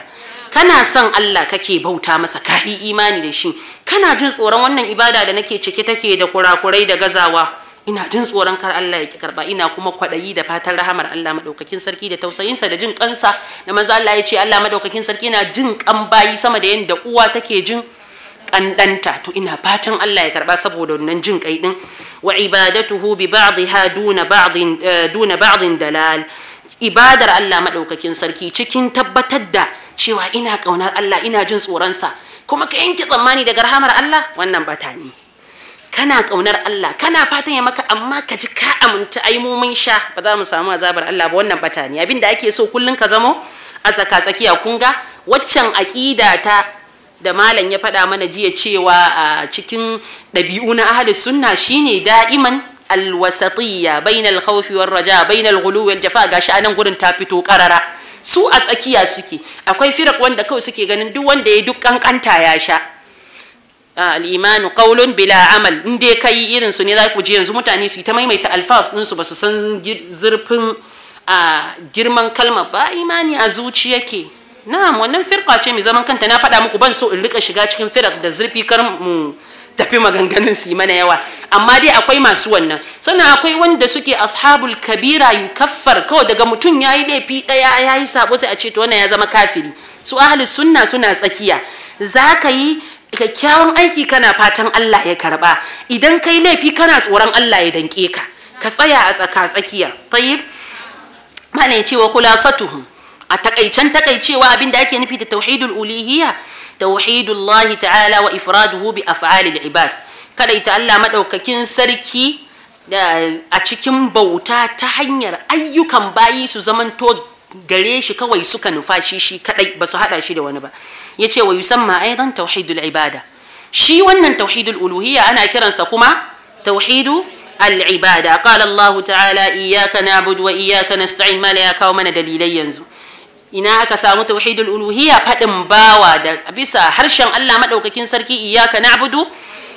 kana son Allah kake bauta masa ka imani da shi kana jin tsoron wannan ibada da nake cike take da kurakurai da gazawa ina jin tsoron kar Allah ya ki karba ina kuma kwaɗayi da fatan rahamar Allah madaukakin sarki da tausayinsa da jin kansa da manzo Allah ya ce Allah madaukakin sarki yana jin kan bayi sama da yadda uwa take jin kandanta to ina fatan Allah ya karba saboda wannan jin kai din wa ibadatuhu bi ba'dha duna ba'din eh, duna ba'din dalal ibadar Allah madaukakin sarki cikin tabbatar da cewa ina kaunar Allah ina jin tsoron sa kuma ka yanke tsammani daga rahamar Allah wannan bata ne kana kaunar Allah kana fatan ya maka amma ka ji ka aminta ai mu mun sha ba za mu samu azabar Allah ba wannan batani abinda ake so kullun ka zamo a tsaka tsakiya kun ga waccan aqida ta da malam ya faɗa mana jiya cewa a cikin ɗabi'u na ahli sunna shine da'iman alwasatiyya bainar khawfi war raja bain alghulu wal jafa gashi anan gurin ta fito karara su a tsakiya suke akwai firak wanda kawai suke ganin duk wanda ya duk kankanta ya sha Ah, al'imanu qaulun bila amal in dai kai irin su ne za ku ji yanzu mutane su ta maimaita alfaz din su ba su san zurfin a ah, girman kalma ba imani a zuci yake na'am wannan firqa ce mai zaman kanta na faɗa muku ban so in rika shiga cikin firar da zurfi kar mu tafi maganganun su mana yawa amma dai akwai masu wannan sannan akwai wanda suke ashabul kabira kaffar kawai daga mutum yayi laifi daya yayi sabo sai a ce to wannan ya zama kafiri su ahli sunna suna tsakiya zaka yi kyakkyawan aiki kana fatan Allah ya karba idan kai laifi kana tsoron Allah ya danke ka ka tsaya a tsaka tsakiya tayyib mana cewa khulasatuhu a takaicen takaicewa abinda ake nufi da tauhidul uluhiyya tauhidullahi ta'ala wa ifraduhu bi af'alil ibad kadaita Allah madaukakin sarki eh, a cikin bauta ta hanyar ayyukan bayi su zamanto gare shi kawai suka nufa shi shi kadai ba su hada shi da wani ba ya ce wa yusamma aidan tauhidul ibada shi wannan tauhidul uluhiyya ana kiransa kuma tauhidu al-ibada qala Allah ta'ala iyyaka na'budu wa iyaka nasta'in ma la kawo mana dalilai yanzu ina aka samu tauhidul uluhiyya fadin bawa da bisa harshen Allah madaukakin sarki iyyaka na'budu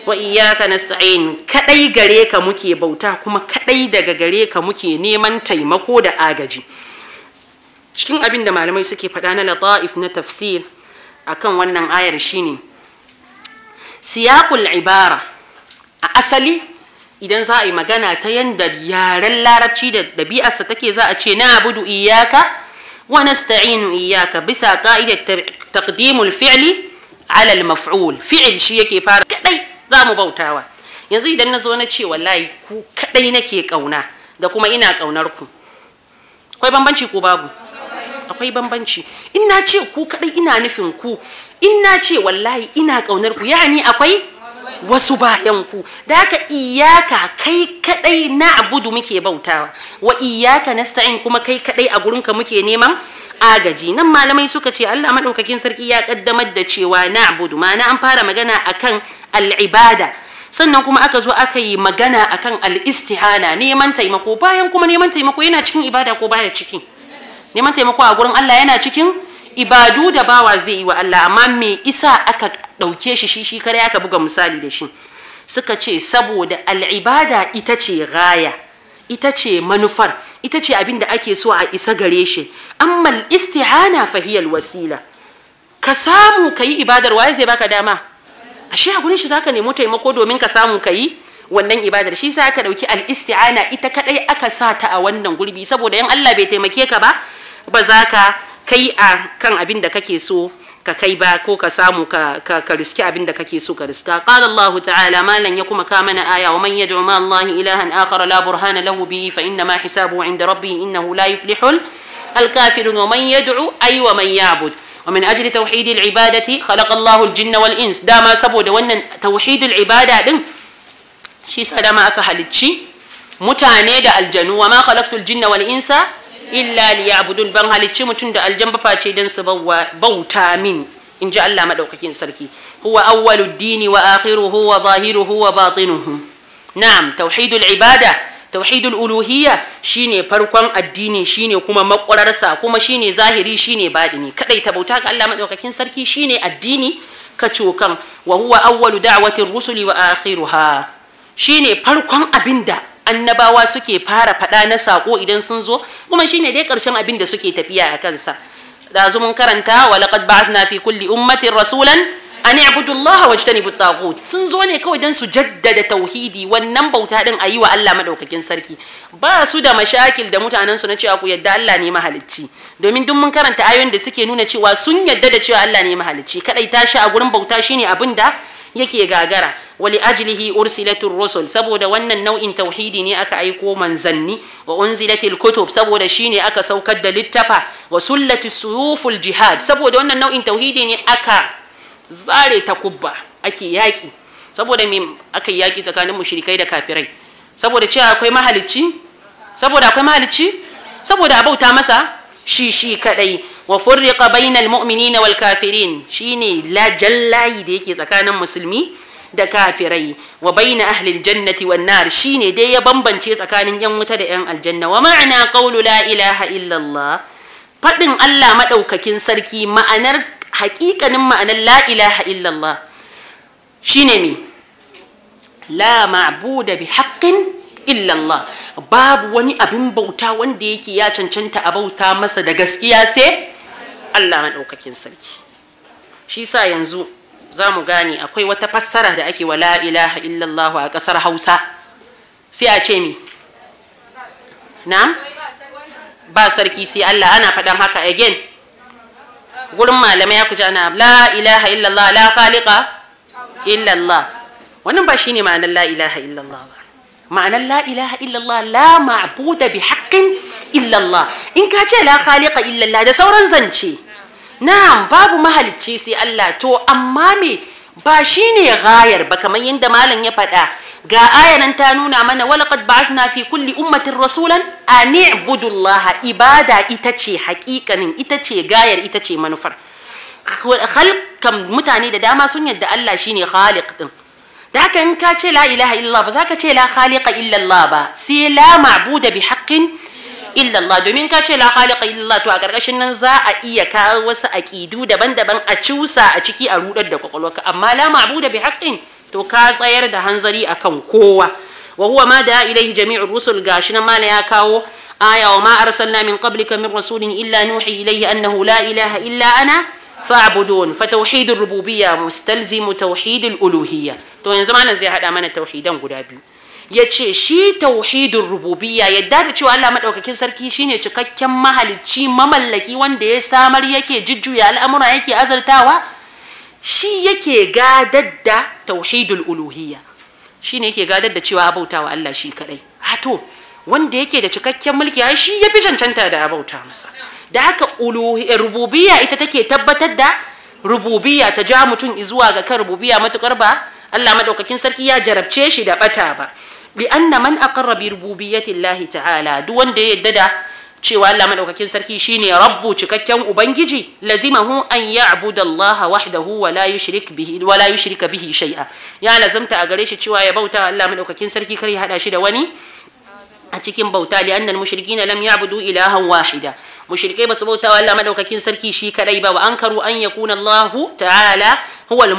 wa iyyaka nasta'in kadai gare ka muke bauta kuma kadai daga gare ka muke neman taimako da agaji cikin abin da malamai suke faɗa na lata'if na tafsir akan wannan ayar shine siyaqul ibara a asali idan za a yi magana ta yanda yaren larabci da dabi'arsa take za a ce na abudu iyaka wa nasta'inu iyaka bisa ka'idar taqdimul fi'li ala al-maf'ul fi'il shi yake fara kadai zamu bautawa yanzu idan nazo na ce wallahi ku kadai nake kauna da kuma ina kaunar ku akwai bambanci ko babu akwai bambanci in na ce ku kaɗai ina nufin ku in na ce wallahi ina ƙaunar ku yani akwai wasu bayan ku da haka iyaka kai kaɗai na abudu muke bautawa wa iyaka stain kuma kai kaɗai a gurinka muke neman agaji nan malamai suka ce Allah madaukakin sarki ya kaddamar da cewa na abudu ma na an fara magana akan al'ibada sannan kuma aka zo aka yi magana akan al'istihana neman taimako bayan kuma neman taimako yana cikin ibada ko baya cikin neman taimako a gurin Allah yana cikin ibadu da bawa zai yi wa Allah amma me isa aka ɗauke shi shi shi kare aka buga misali da shi suka ce saboda al'ibada ita ce gaya ita ce manufar ita ce abin da ake so a isa gare shi amma isti'ana fahiyal wasila ka samu ka yi ibadar waye zai baka dama ashe a gurin shi zaka nemo taimako domin ka samu ka yi wannan ibadar shi sa aka dauki al-isti'ana ita kadai aka sa ta a wannan gurbi saboda yan Allah bai taimake ka ba ba za ka kai a kan abin da kake so ka kai ba ko ka samu ka ka riski abin da kake so ka riska qala allah ta'ala malan ya kuma ka mana aya wa man yad'u ma allah ilahan akhar la burhana lahu bi fa inna ma hisabu inda rabbi innahu la yuflihul الكافرون ومن يدعو أي ومن يعبد ومن أجل توحيد العبادة خلق الله الجن والإنس داما سبود وأن توحيد العبادة دم شي سلام أكهل متانيد الجن وما خلقت الجن والإنس illa liya'budun ban halicci mutum da aljan ba face dan su bauta min in ji Allah madaukakin sarki huwa awwalud dini wa akhiruhu wa zahiruhu wa batinuhu na'am tauhidul ibada tauhidul uluhiyya shine farkon addini shine kuma makwararsa kuma shine zahiri shine baɗini kadai ta bauta ga Allah madaukakin sarki shine addini kacokan wa huwa awwalu da'watir rusuli wa akhiruha shine farkon abinda annabawa suke fara faɗa na saƙo idan sun zo kuma shine dai ƙarshen abin da suke tafiya a kansa da mun karanta wa laqad ba'athna fi kulli ummatin rasulan an ibudu Allah wa jtanibu tagut sun zo ne kawai dan su jaddada tauhidi wannan bauta din ayi wa Allah madaukakin sarki ba su da mashakil da mutanen su na cewa ku yadda Allah ne mahalicci domin duk mun karanta ayoyin da suke nuna cewa sun yadda da cewa Allah ne mahalicci kadai tashi a gurin bauta shine abin da yake gagara wali ajlihi ursilatur rusul saboda wannan nau'in tauhidi ne aka aiko manzanni wa unzilatil kutub saboda shine aka saukar da littafa wa sullatus suyuful jihad saboda wannan nau'in tauhidi ne aka zare takubba ake yaki saboda me aka yaki tsakanin mushrikai da kafirai saboda cewa akwai mahalicci saboda akwai mahalicci saboda a bauta masa shi shi kadai wa furriqa bainal mu'minina wal kafirin shine la jallayi da yake tsakanin musulmi da kafirai wa baina ahli aljannati wan nar shine dai ya bambance tsakanin yan wuta da yan aljanna wa ma'ana qawlu la ilaha illallah fadin Allah madaukakin sarki ma'anar haƙiƙanin ma'anar la ilaha illallah shine mi la ma'buda bi haqqin illallah babu wani abin bauta wanda yake ya cancanta a bauta masa da gaskiya sai Allah maɗaukakin sarki shi sa yanzu zamu gane akwai wata fassara da ake wa la ilaha illallah a ƙasar hausa sai a ce mi na ba sarki sai Allah ana faɗan haka again gurin malamai ya kuja na la ilaha illallah la khaliqa illallah wannan ba shine ma'anar la ilaha illallah ba ma'anar la ilaha illallah la ma'abuda bi haqqin illallah in ka ce la khaliqa illallah da sauran zance na'am babu mahalicci sai Allah to amma me ba shine gayar ba kamar yadda malam ya faɗa ga ayanan ta nuna mana walaqad ba'athna fi kulli ummatin rasulan an i'budu ibada ita ce haƙiƙanin ita ce gayar ita ce manufar halkan mutane da dama sun yadda Allah shine khaliq din ذاك إن كاتي لا إله إلا الله ذاك تي لا خالق إلا الله با سي لا معبود بحق إلا الله دومين كاتي لا خالق إلا الله تو أغرغش ننزا أي كاوس أكيدو دبن دبن أتشوسا أتشكي أرود الدقوق أما لا معبود بحق تو كاس غير ده هنزري أكون كوة وهو ما دعا إليه جميع الرسل قاشنا ما لياكاو آية وما أرسلنا من قبلك من رسول إلا نوحي إليه أنه لا إله إلا أنا fa'budun fa tauhidur rububiyya mustalzimu tauhidul uluhiyya to yanzu malam zai hada mana tauhidan guda biyu yace shi tauhidin rububiyya yadda da cewa Allah madaukakin sarki shine cikakken mahalicci mamallaki wanda ya samar yake jujjuya al'amura yake azartawa shi yake gadar da tauhidul uluhiyya shine yake gadar da cewa abautawa Allah shi kadai hato wanda yake da cikakken mulki ai shi fi cancanta da abauta masa da haka eh, rububiyya ita take tabbatar da rububiya ta ja mutum zuwa ga kan rububiya matukar ba Allah madaukakin sarki ya jarabce shi da bata ba bi anna man aqarra bi rububiyyati ta'ala duk wanda ya yadda da cewa Allah madaukakin sarki shine rabbu cikakken ubangiji lazimahu an ya'budu Allah wahdahu wa la yushrik bihi wa la yushrika bihi shay'a ya lazamta a gare shi cewa ya bauta Allah madaukakin sarki kar ya hada shi da wani a cikin bauta li shirki na lam ya'budu ilahan wahida mushrikai basu bauta wa Allah madaukakin sarki shi kadai ba wa ankaru an yakuna Allah ta'ala huwa al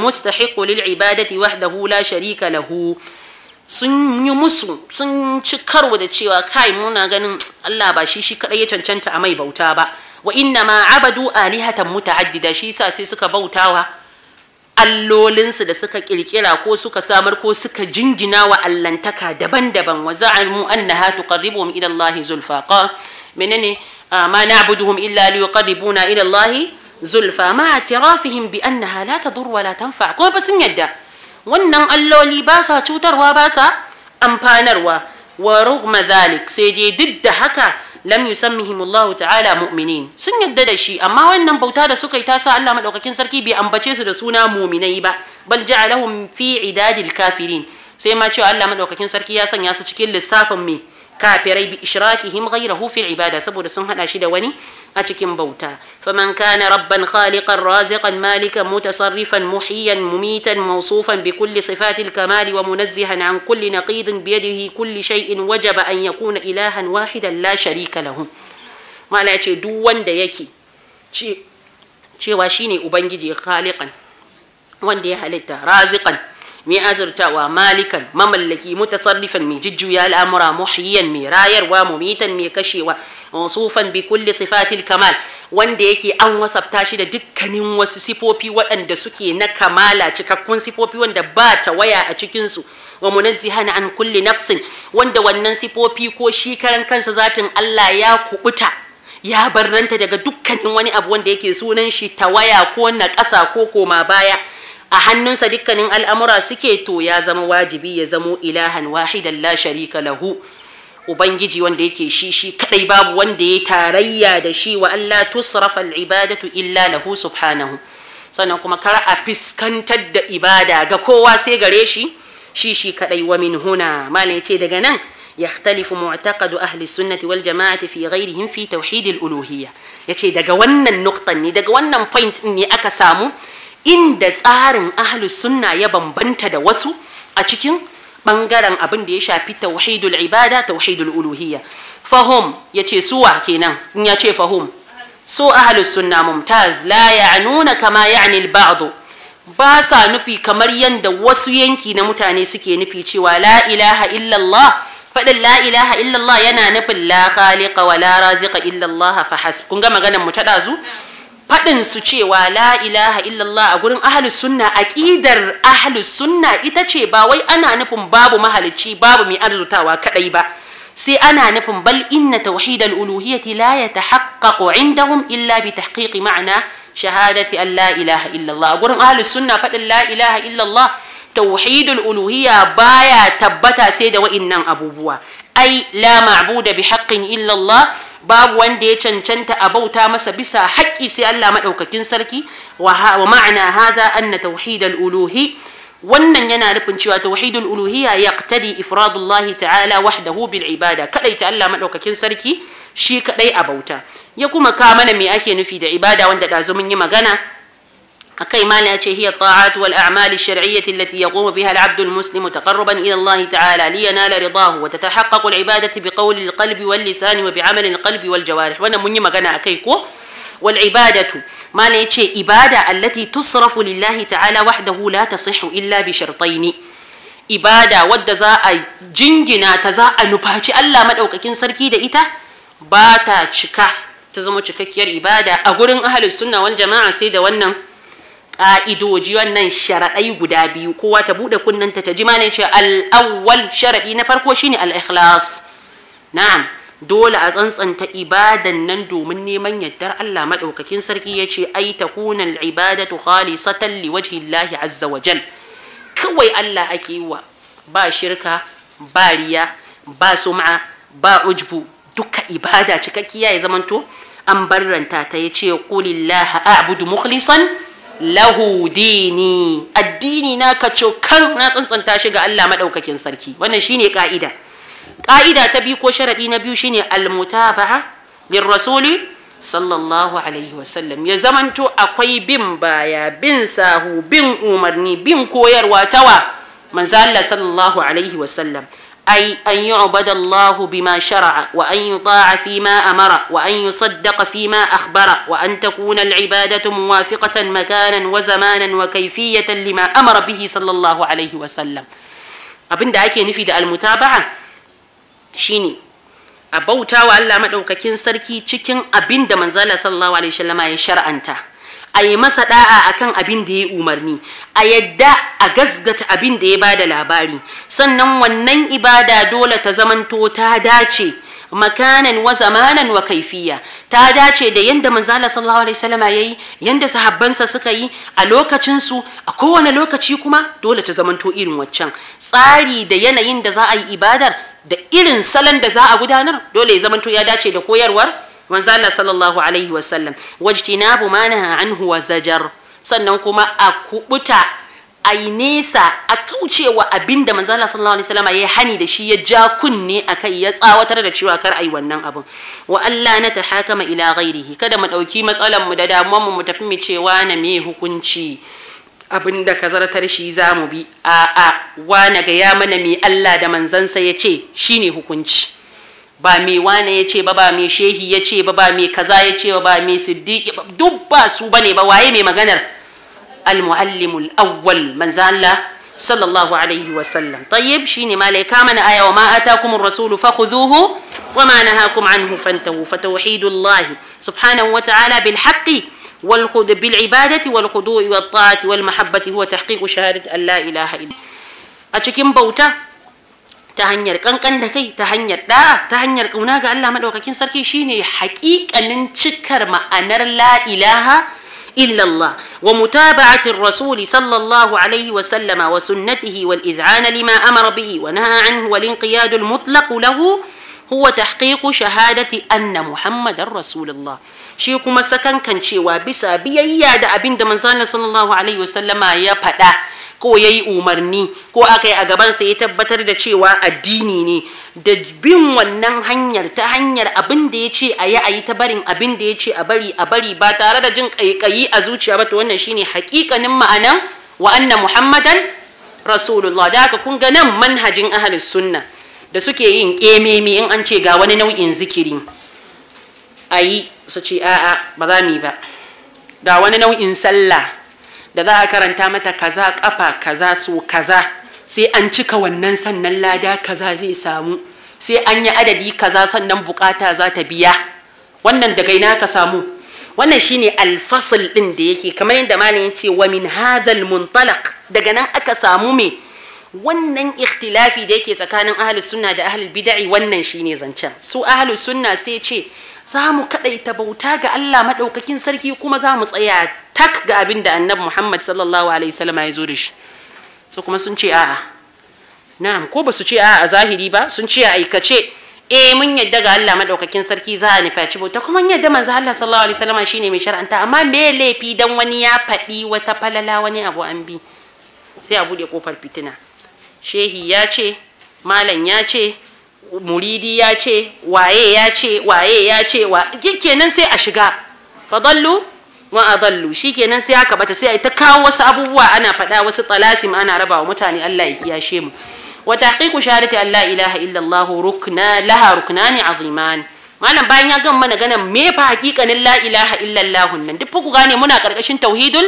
lil ibadati wahdahu la sharika lahu sun yi musu sun ci karo da cewa kai muna ganin Allah ba shi shi kadai ya cancanta a mai bauta ba wa inna ma abadu alihatan muta'addida shi yasa sai suka bautawa allolinsu da suka kirkira ko suka samar ko suka jingina wa allantaka daban-daban wa za'amu annaha tuqarribuhum ila Allah zulfaqa menene آه، ما نعبدهم إلا ليقربونا إلى الله زلفا مع اعترافهم بأنها لا تضر ولا تنفع كما بس نيدا ونن الله لي باسا تشوتر وباسا أمبانر ورغم ذلك سيدي ضد حكا لم يسمهم الله تعالى مؤمنين سن يدد شيء أما وأنهم بوتادا سكي تاسا الله ملوكا كين سركي بي أمبتشيس رسونا مؤمني با بل جعلهم في عداد الكافرين سيما شو الله ملوكا كين سركي ياسا ياسا شكي لسافا مي كافري بإشراكهم غيره في العبادة سبب السمحة ناشدة وني أتكين بوتا فمن كان ربا خالقا رازقا مالكا متصرفا محيا مميتا موصوفا بكل صفات الكمال ومنزها عن كل نقيض بيده كل شيء وجب أن يكون إلها واحدا لا شريك له ما لا يتي دوان ديكي تي واشيني أبنجي خالقا وان دي رازقا mai azurtawa malikan mamallaki mutasarrifan mai jujjuya al'amura muhyiyan mai rayarwa mumitan mai kashewa sufan bi kulli sifatil kamal wanda yake an wasafta shi da dukkanin wasu sifofi waɗanda suke na kamala cikakkun sifofi wanda ba ta waya a cikinsu wa munazzihan an kulli nafsin wanda wannan sifofi ko shi karan kansa zatin Allah ya kubuta ya barranta daga dukkanin wani abu wanda yake sunan shi tawaya ko na ƙasa ko koma baya a hannunsa dukkanin al'amura suke to ya zama wajibi ya zamo ilahan wahidan la sharika lahu ubangiji wanda yake shi shi kadai babu wanda ya tarayya da shi wa Allah tusrafa al'ibadatu illa lahu subhanahu sannan kuma kar a fiskantar da ibada ga kowa sai gare shi shi shi kadai wa min huna mallan yace daga nan yahtalifu mu'taqadu ahli sunnati wal jama'ati fi ghairihim fi tauhid al uluhiyya yace daga wannan nuktan ne daga wannan point ne aka samu inda tsarin ahlus sunna ya bambanta da wasu a cikin bangaren abin da ya shafi tauhidul ibada tauhidul uluhiyya fahum yace wa kenan in yace fahum su ahlus sunna mumtaz la ya'nuna kama ya'ni al-ba'd ba sa nufi kamar yadda wasu yanki na mutane suke nufi cewa la ilaha illallah faɗin la ilaha illallah yana nufin la khaliqa wa la raziqa illallah fa hasb kun ga maganar mu ta ɗazu faɗin su cewa la ilaha illallah a gurin ahlus sunna aqidar ahlus sunna ita ce ba wai ana nufin babu mahalicci babu mai arzutawa kadai ba sai ana nufin bal inna tauhid al-uluhiyyati la yatahaqqaqu indahum illa bi tahqiqi ma'na shahadati an la ilaha illallah gurin ahlus sunna faɗin la ilaha illallah tauhidul uluhiyya baya tabbata sai da wa'innan abubuwa ai la ma'buda bi haqqin illallah babu wanda ya cancanta a bauta masa bisa haƙƙi sai Allah maɗaukakin sarki wa ma'ana hada anna tauhidal uluhi wannan yana nufin cewa tauhidul uluhiyya yaqtadi ifradullahi ta'ala wahdahu bil ibada kadai ta Allah maɗaukakin sarki shi kadai a bauta ya kuma ka mana me ake nufi da ibada wanda dazu mun yi magana كيمان هي الطاعات والأعمال الشرعية التي يقوم بها العبد المسلم تقربا إلى الله تعالى لينال رضاه وتتحقق العبادة بقول القلب واللسان وبعمل القلب والجوارح وانا مني مغانا أكيكو والعبادة ما نيتشي إبادة التي تصرف لله تعالى وحده لا تصح إلا بشرطين إبادة والدزاء جنجنا تزاء نباتي ألا مدعوك كن سركي دئتا باتا تشكا تزمو تشككير إبادة أقول أهل السنة والجماعة سيدة والنم ka'idoji wannan sharadai guda biyu kowa ta bude kunnanta ta ji ma ne ce al-awwal sharadi na farko shine al-ikhlas na'am dole a tsantsanta ibadan nan domin neman yaddar Allah madaukakin sarki yace ce ai takuna al-ibadatu khalisatan liwajhi Allah azza wa jal kawai Allah ake yi wa ba shirka ba riya ba sum'a ba ujbu duka ibada cikakkiya ya zamanto an barranta ta yace qulillahi a'budu mukhlishan lahu dini addini na ka cokan na tsantsanta shi ga Allah madaukakin sarki wannan shine ka'ida ka'ida ta biyu ko sharadi na biyu shine almutaba'a lirrasuli sallallahu alaihi wasallam ya zamanto akwai bin baya bin sahu bin umarni bin koyarwa tawa manzo Allah sallallahu alaihi wasallam أي أن يعبد الله بما شرع وأن يطاع فيما أمر وأن يصدق فيما أخبر وأن تكون العبادة موافقة مكانا وزمانا وكيفية لما أمر به صلى الله عليه وسلم أبن دعاك ينفيد المتابعة شيني أبوتا وعلا مدوكا كين سركي تشكين أبن دمان زالة صلى الله عليه وسلم يشرع أنتا a yi masa da'a kan abin da ya umarni a yadda a gasgata abin da ya ba da labari sannan wannan ibada dole ta zamanto ta dace makanan wa zamanan wa kaifiya ta dace da yanda manzala sallallahu alaihi wasallam yayi yanda sahabbansa suka yi a lokacinsu a kowane lokaci kuma dole ta zamanto irin waccan tsari da yanayin da za a yi ibadar da irin salon da za a gudanar dole ya zamanto ya dace da koyarwar manzo Allah sallallahu alaihi wasallam wajtinabu ma naha anhu wa zajar sannan kuma a kubuta a yi nesa a kaucewa abin da manzo Allah sallallahu alaihi wasallam ya hani da shi ya ja kunne akai ya tsawatar da cewa kar yi wannan abin wa Allah na tahakama ila ghairihi kada mu dauki matsalan mu da damuwan mu mu tafi mu cewa na me hukunci abin da shi za mu bi a a wa na ga ya mana mai Allah da manzansa ya ce shine hukunci ba mai wane yace ba ba mai shehi yace ba ba mai kaza yace ba ba mai siddiqi duk ba su bane ba waye mai maganar al-muallimul awwal manzo Allah sallallahu alaihi wa sallam tayyib shine malaika mana aya wa ma atakumur rasulu fakhuduhu wa ma nahakum anhu fantahu fatauhidullahi subhanahu wa ta'ala bil haqqi wal khud bil ibadati wal khudu'i wat ta'ati wal mahabbati huwa tahqiqu shahadati an la ilaha illa a cikin bauta ta hanyar kankan da kai ta hanyar da'a ta hanyar kauna ga Allah madaukakin sarki shine haƙiƙanin cikar ma'anar la ilaha إلا الله ومتابعة الرسول صلى الله عليه وسلم وسنته والإذعان لما أمر به ونهى عنه والانقياد المطلق له هو تحقيق شهادة أن محمد رسول الله شيء سكن كان شيء وبسا بيا دا أبين من صلى الله عليه وسلم يا ko ya yi umarni ko aka yi a gabansa ya tabbatar da cewa addini ne da bin wannan hanyar ta hanyar abin da ya ce a yi a yi ta barin abin da ya ce a bari a bari ba tare da jin ƙaiƙayi a zuciya ba to wannan shine hakikanin ma'anan wa muhammadan rasulullah da aka kun ga nan manhajin ahlus sunna da suke yin ƙememe in an ce ga wani nau'in zikiri a yi su ce a'a ba za mu yi ba ga wani nau'in sallah da za a karanta mata kaza kafa kaza su kaza sai an cika wannan sannan lada kaza zai samu sai an yi adadi kaza sannan bukata za ta biya wannan daga ina ka samu wannan shine alfasl din da yake kamar yadda malamin ya ce wa min hadhal muntalaq daga nan aka samu me wannan ikhtilafi da yake tsakanin ahlus sunna da ahlul bid'i wannan shine zancen su ahlus sunna sai ce za mu kaɗaita bauta ga Allah maɗaukakin sarki kuma za mu tsaya tak ga abin da annabi Muhammad sallallahu alaihi wasallam ya zo da shi so kuma sun ce a'a na'am ko ba su ce a'a a zahiri ba sun ce a aikace eh mun yadda ga Allah maɗaukakin sarki za a nufaci bauta kuma yadda manzo Allah sallallahu alaihi wasallam shine mai shar'anta amma me laifi dan wani ya faɗi wata falala wani abu an bi sai a buɗe kofar fitina shehi ya ce malam ya ce muridi ya ce waye ya ce waye ya ce wa kenan sai a shiga fadallu wa adallu shikenan sai aka bata sai ta kawo wasu abubuwa ana faɗa wasu talasim ana raba wa mutane Allah ya kiyashe mu wa taqiqu shahadati an la ilaha illa Allah rukna laha ruknani aziman malam bayan ya gama mana ganin me fa hakikanin la ilaha illa Allah nan duk ku gane muna karkashin tauhidul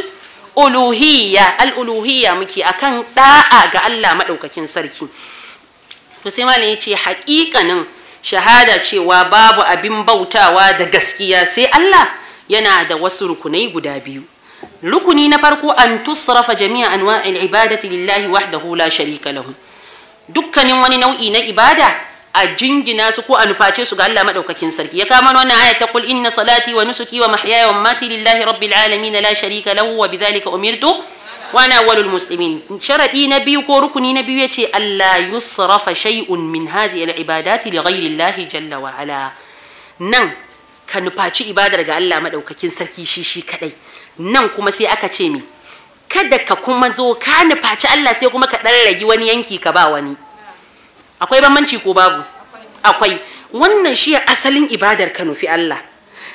uluhiyya al uluhiyya muke akan da'a ga Allah madaukakin sarki to sai malam ya ce haƙiƙanin shahada cewa babu abin bautawa da gaskiya sai Allah yana da wasu rukunai guda biyu rukuni na farko an tusrafa jami'a anwa'il ibadati lillahi wahdahu la sharika lahu dukkanin wani nau'i na ibada a jingina su ko a nuface su ga Allah madaukakin sarki ya kama wannan aya ta kul inna salati wa nusuki wa mahyaya wa mamati lillahi rabbil alamin la sharika lahu wa bidhalika umirtu wa awalul awwalul muslimin sharaɗi na biyu ko rukuni na biyu yace allah yusrafa shay'un min hadhihi al-ibadati li ghayri Allah jalla wa ala nan ka nufaci ibadar ga Allah madaukakin sarki shi shi kadai nan kuma sai aka ce mi kada ka kuma zo ka nufaci Allah sai kuma ka dan ragi wani yanki ka ba wani akwai bambanci ko babu akwai wannan shi asalin ibadar ka nufi Allah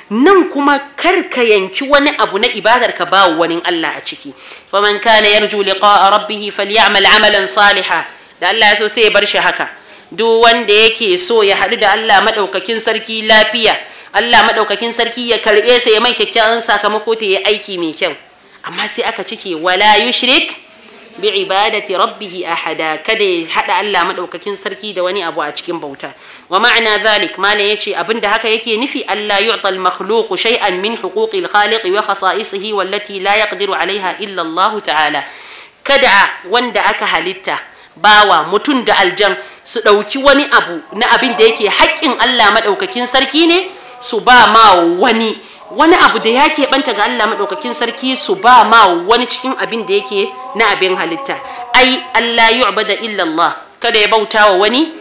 nan kuma kar ka yanki wani abu na ibadar ka bawo wani Allah a ciki faman kana yarju liqa'a rabbih falyamal amalan saliha da Allah ya so sai ya bar shi haka duk wanda yake so ya haɗu da Allah madaukakin sarki lafiya Allah madaukakin sarki ya karbe sa ya mai kyakkyawan sakamako ta yi aiki mai kyau amma sai aka cike wala yushrik بعبادة ربه أحدا كده حتى الله مدعوك كين سركي دواني أبو أتشكين بوتا ومعنى ذلك ما ليكي أبند هكا يكي نفي ألا يعطى المخلوق شيئا من حقوق الخالق وخصائصه والتي لا يقدر عليها إلا الله تعالى كدعا وند أكا هلتا باوا متند الجن سدوكي واني أبو نأبند يكي حق إن الله مدعوك سركيني سبا ما واني wani abu da ya keɓanta ga Allah maɗaukakin sarki su ba ma wani cikin abin da yake na abin halitta ai Allah yu'bada illallah kada ya bauta wa wani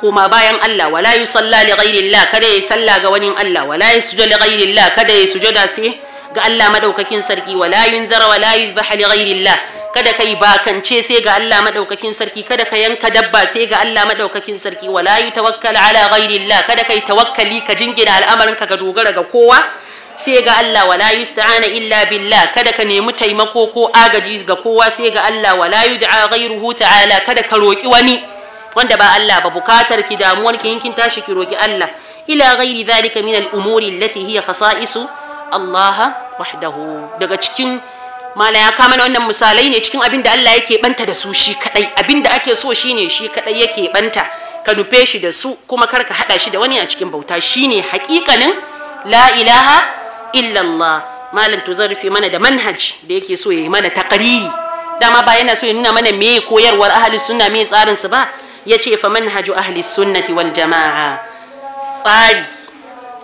kuma bayan Allah wala yusalla li ghairillah kada ya salla ga wani Allah wala yasjuda li ghairillah kada ya sujuda sai ga Allah maɗaukakin sarki wala yunzara wala yuzbaha li ghairillah kada ka yi bakance sai ga Allah madaukakin sarki kada ka yanka dabba sai ga Allah madaukakin sarki wala yi tawakkal ala ghairillah kada ka yi tawakkali ka jingina al'amarin ka ga dogara ga kowa sai ga Allah wala yusta'ana illa billah kada ka nemi taimako ko agaji ga kowa sai ga Allah wala yud'a ghairuhu ta'ala kada ka roki wani wanda ba Allah ba bukatar ki damuwar ki kin tashi ki roki Allah ila ghairi zalika min al-umuri allati hiya khasa'isu Allah wahdahu daga cikin mala ya kama wannan misalai ne cikin abin da Allah yake banta da su shi kadai abin da ake so shine shi kadai yake banta ka nufe shi da su kuma kar ka hada shi da wani a cikin bauta shi ne hakikanin la ilaha illallah malam to zan rufe mana da manhaj da yake so ya yi mana takariri dama ba yana so ya nuna mana me koyarwar ahli sunna me tsarin su ba ya ce fa manhaju ahli sunnati wal jamaa tsari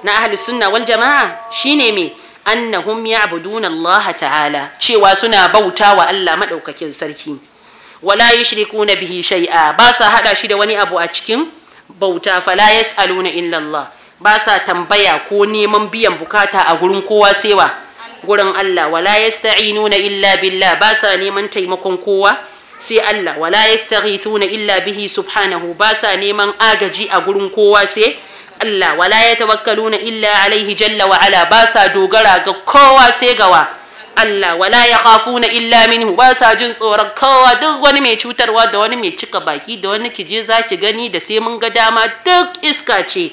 na ahli sunna wal jamaa shine me annahum ya'buduna Allah ta'ala cewa suna bauta wa Allah madaukakin sarki wala yushrikuna bihi shay'a ba sa hada shi da wani abu a cikin bauta fala yas'aluna illa Allah ba sa tambaya ko neman biyan bukata a gurin kowa wa gurin Allah wala yasta'inuna illa billah ba sa neman taimakon kowa sai Allah wala yastaghithuna illa bihi subhanahu ba sa neman agaji a gurin kowa sai Allah wala ya tawakkaluna illa alaihi jalla wa ala ba sa dogara ga kowa sai gawa Allah wala ya khafuna illa minhu ba sa jin tsoron kowa duk wani mai cutarwa da wani mai cika baki da wani kije ki gani da sai mun ga dama duk iska ce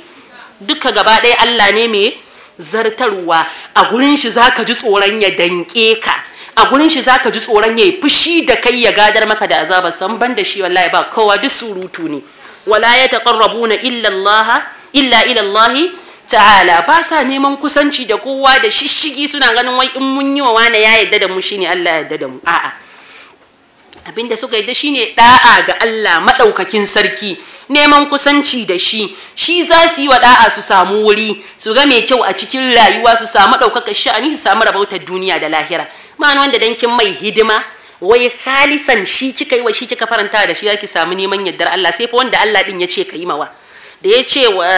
duka gaba ɗaya Allah ne mai zartarwa a gurin shi za ka ji tsoron ya danke ka a gurin shi za ka ji tsoron ya yi fushi da kai ya gadar maka da azabar san ban da shi wallahi ba kowa duk surutu ne wala ya taqarrabuna illa Allah illa ilallahi ta'ala ba sa neman kusanci da kowa da shishigi suna ganin wai in mun yi wa wani ya yadda da mu shine Allah ya yadda da mu a'a abinda suka yadda shine da'a ga Allah madaukakin sarki neman kusanci da shi shi za su yi wa da'a su samu wuri su ga mai kyau a cikin rayuwa su samu ɗaukakar sha'ani su samu rabautar duniya da lahira ma'ana wanda dankin mai hidima wai khalisan shi kika yi wa shi kika faranta da shi zaki samu neman yaddar Allah sai fa wanda Allah din ya ce ka yi mawa da ya ce wa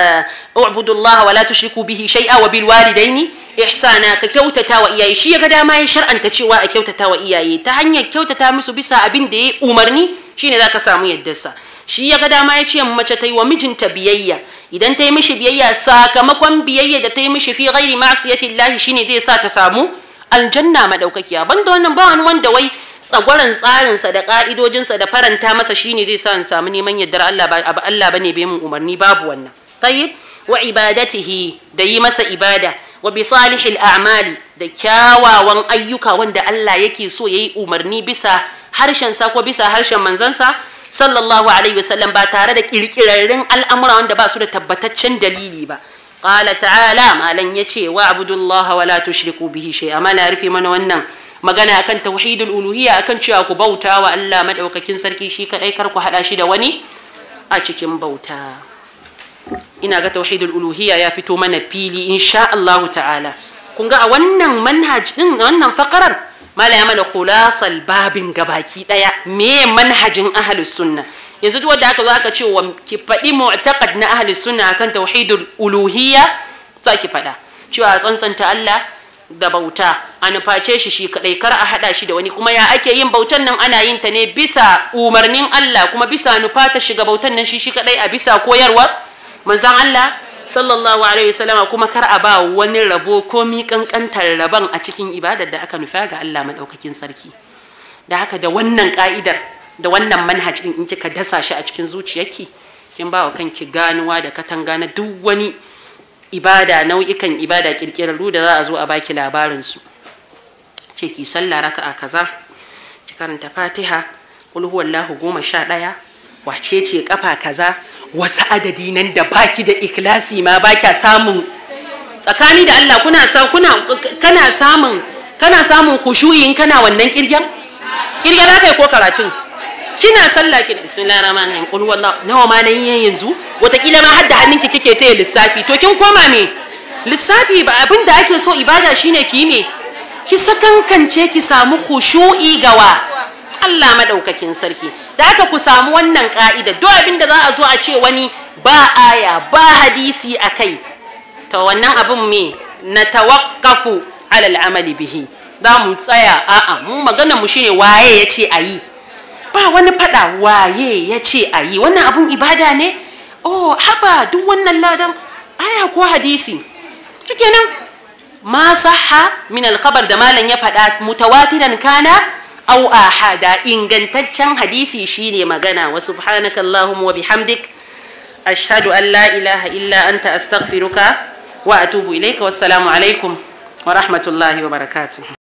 ubudullaha wala tushriku bihi shay'a wa bil walidaini ihsana ka kyautata wa iyaye shi yaga dama ya shar'anta cewa a kyautata wa iyaye ta hanyar kyautata musu bisa abin da ya umarni shine zaka samu yaddarsa shi yaga dama ya ce mace ta yi wa mijinta biyayya idan ta yi mishi biyayya sakamakon biyayya da ta yi mishi fi ghairi ma'siyatillahi shine zai sa ta samu aljanna madaukakiya banda wannan ba wani wanda wai tsagwaron tsarinsa da ƙa'idojinsa da faranta masa shine zai sa in samu neman yardar Allah ba Allah bane bai mun umarni babu wannan tayyib wa ibadatihi da yi masa ibada wa bi salihil a'mali da kyawawan ayyuka wanda Allah yake so yayi umarni bisa harshen sa ko bisa harshen manzansa sallallahu alaihi wasallam ba tare da kirkirarrin al'amura wanda ba su da tabbataccen dalili ba qala ta'ala malan yace wa abudullaha wa la tushriku bihi shay'a na rufe mana wannan magana akan tauhidul uluhiyya akan cewa ku bauta wa Allah madaukakin sarki shi kadai kar ku hada shi da wani a cikin bauta ina ga tauhidul uluhiyya ya fito mana fili insha Allah ta'ala kun ga a wannan manhaj din wannan fakarar ya mana khulasal babin gabaki daya me manhajin ahlus sunna yanzu duk wanda aka zo aka ce wa ki faɗi mu'taqad na ahlus sunna akan tauhidul uluhiyya za ki faɗa cewa tsantsanta Allah da bauta a nuface shi shi kadai kar a haɗa shi da wani kuma ya ake yin bautan nan ana yin ta ne bisa umarnin Allah kuma bisa nufa ta shiga bautan nan shi shi kadai a bisa koyarwa manzon Allah sallallahu alaihi wasallama kuma kar a ba wani rabo ko komi kankantar rabon a cikin ibadar da aka nufa ga Allah madaukakin sarki da haka da wannan ka'idar da wannan manhajin in kika dasa shi a cikin zuciyarki kin ba wa kanki ganuwa da katanga na duk wani ibada nau'ikan ibada kirkirarru da za a zo a baki labarin su ce ki sallah a kaza ki karanta fatiha qul huwallahu goma sha ɗaya wace ce kafa kaza wasu adadi nan da baki da ikilasi ma baki samun tsakani da Allah kuna kana samun kana samun kushuyin kana wannan kirgen kirgen yi ko karatun kina sallah kina bismillahir rahmanir rahim qul nawa ma nan yanzu watakila ma hadda hannunki kike taya lissafi to kin koma me lissafi ba abin da ake so ibada shine ki me ki sakankance ki samu khushu'i gawa Allah madaukakin sarki da aka ku samu wannan ka'ida duk abin da za a zo a ce wani ba aya ba hadisi akai to wannan abin me na tawaqqafu alal amali bihi za mu tsaya a'a mu magana mu shine waye yace ayi ba wani fada waye ya ce a yi wannan abun ibada ne oh haba duk wannan ladan aya ko hadisi shikenan ma sahha min alkhabar da malam ya fada mutawatiran kana aw ahada ingantaccen hadisi shine magana wa subhanakallahumma wa bihamdik ashhadu an la ilaha illa anta astaghfiruka wa atubu ilayka wassalamu alaikum wa rahmatullahi wa barakatuh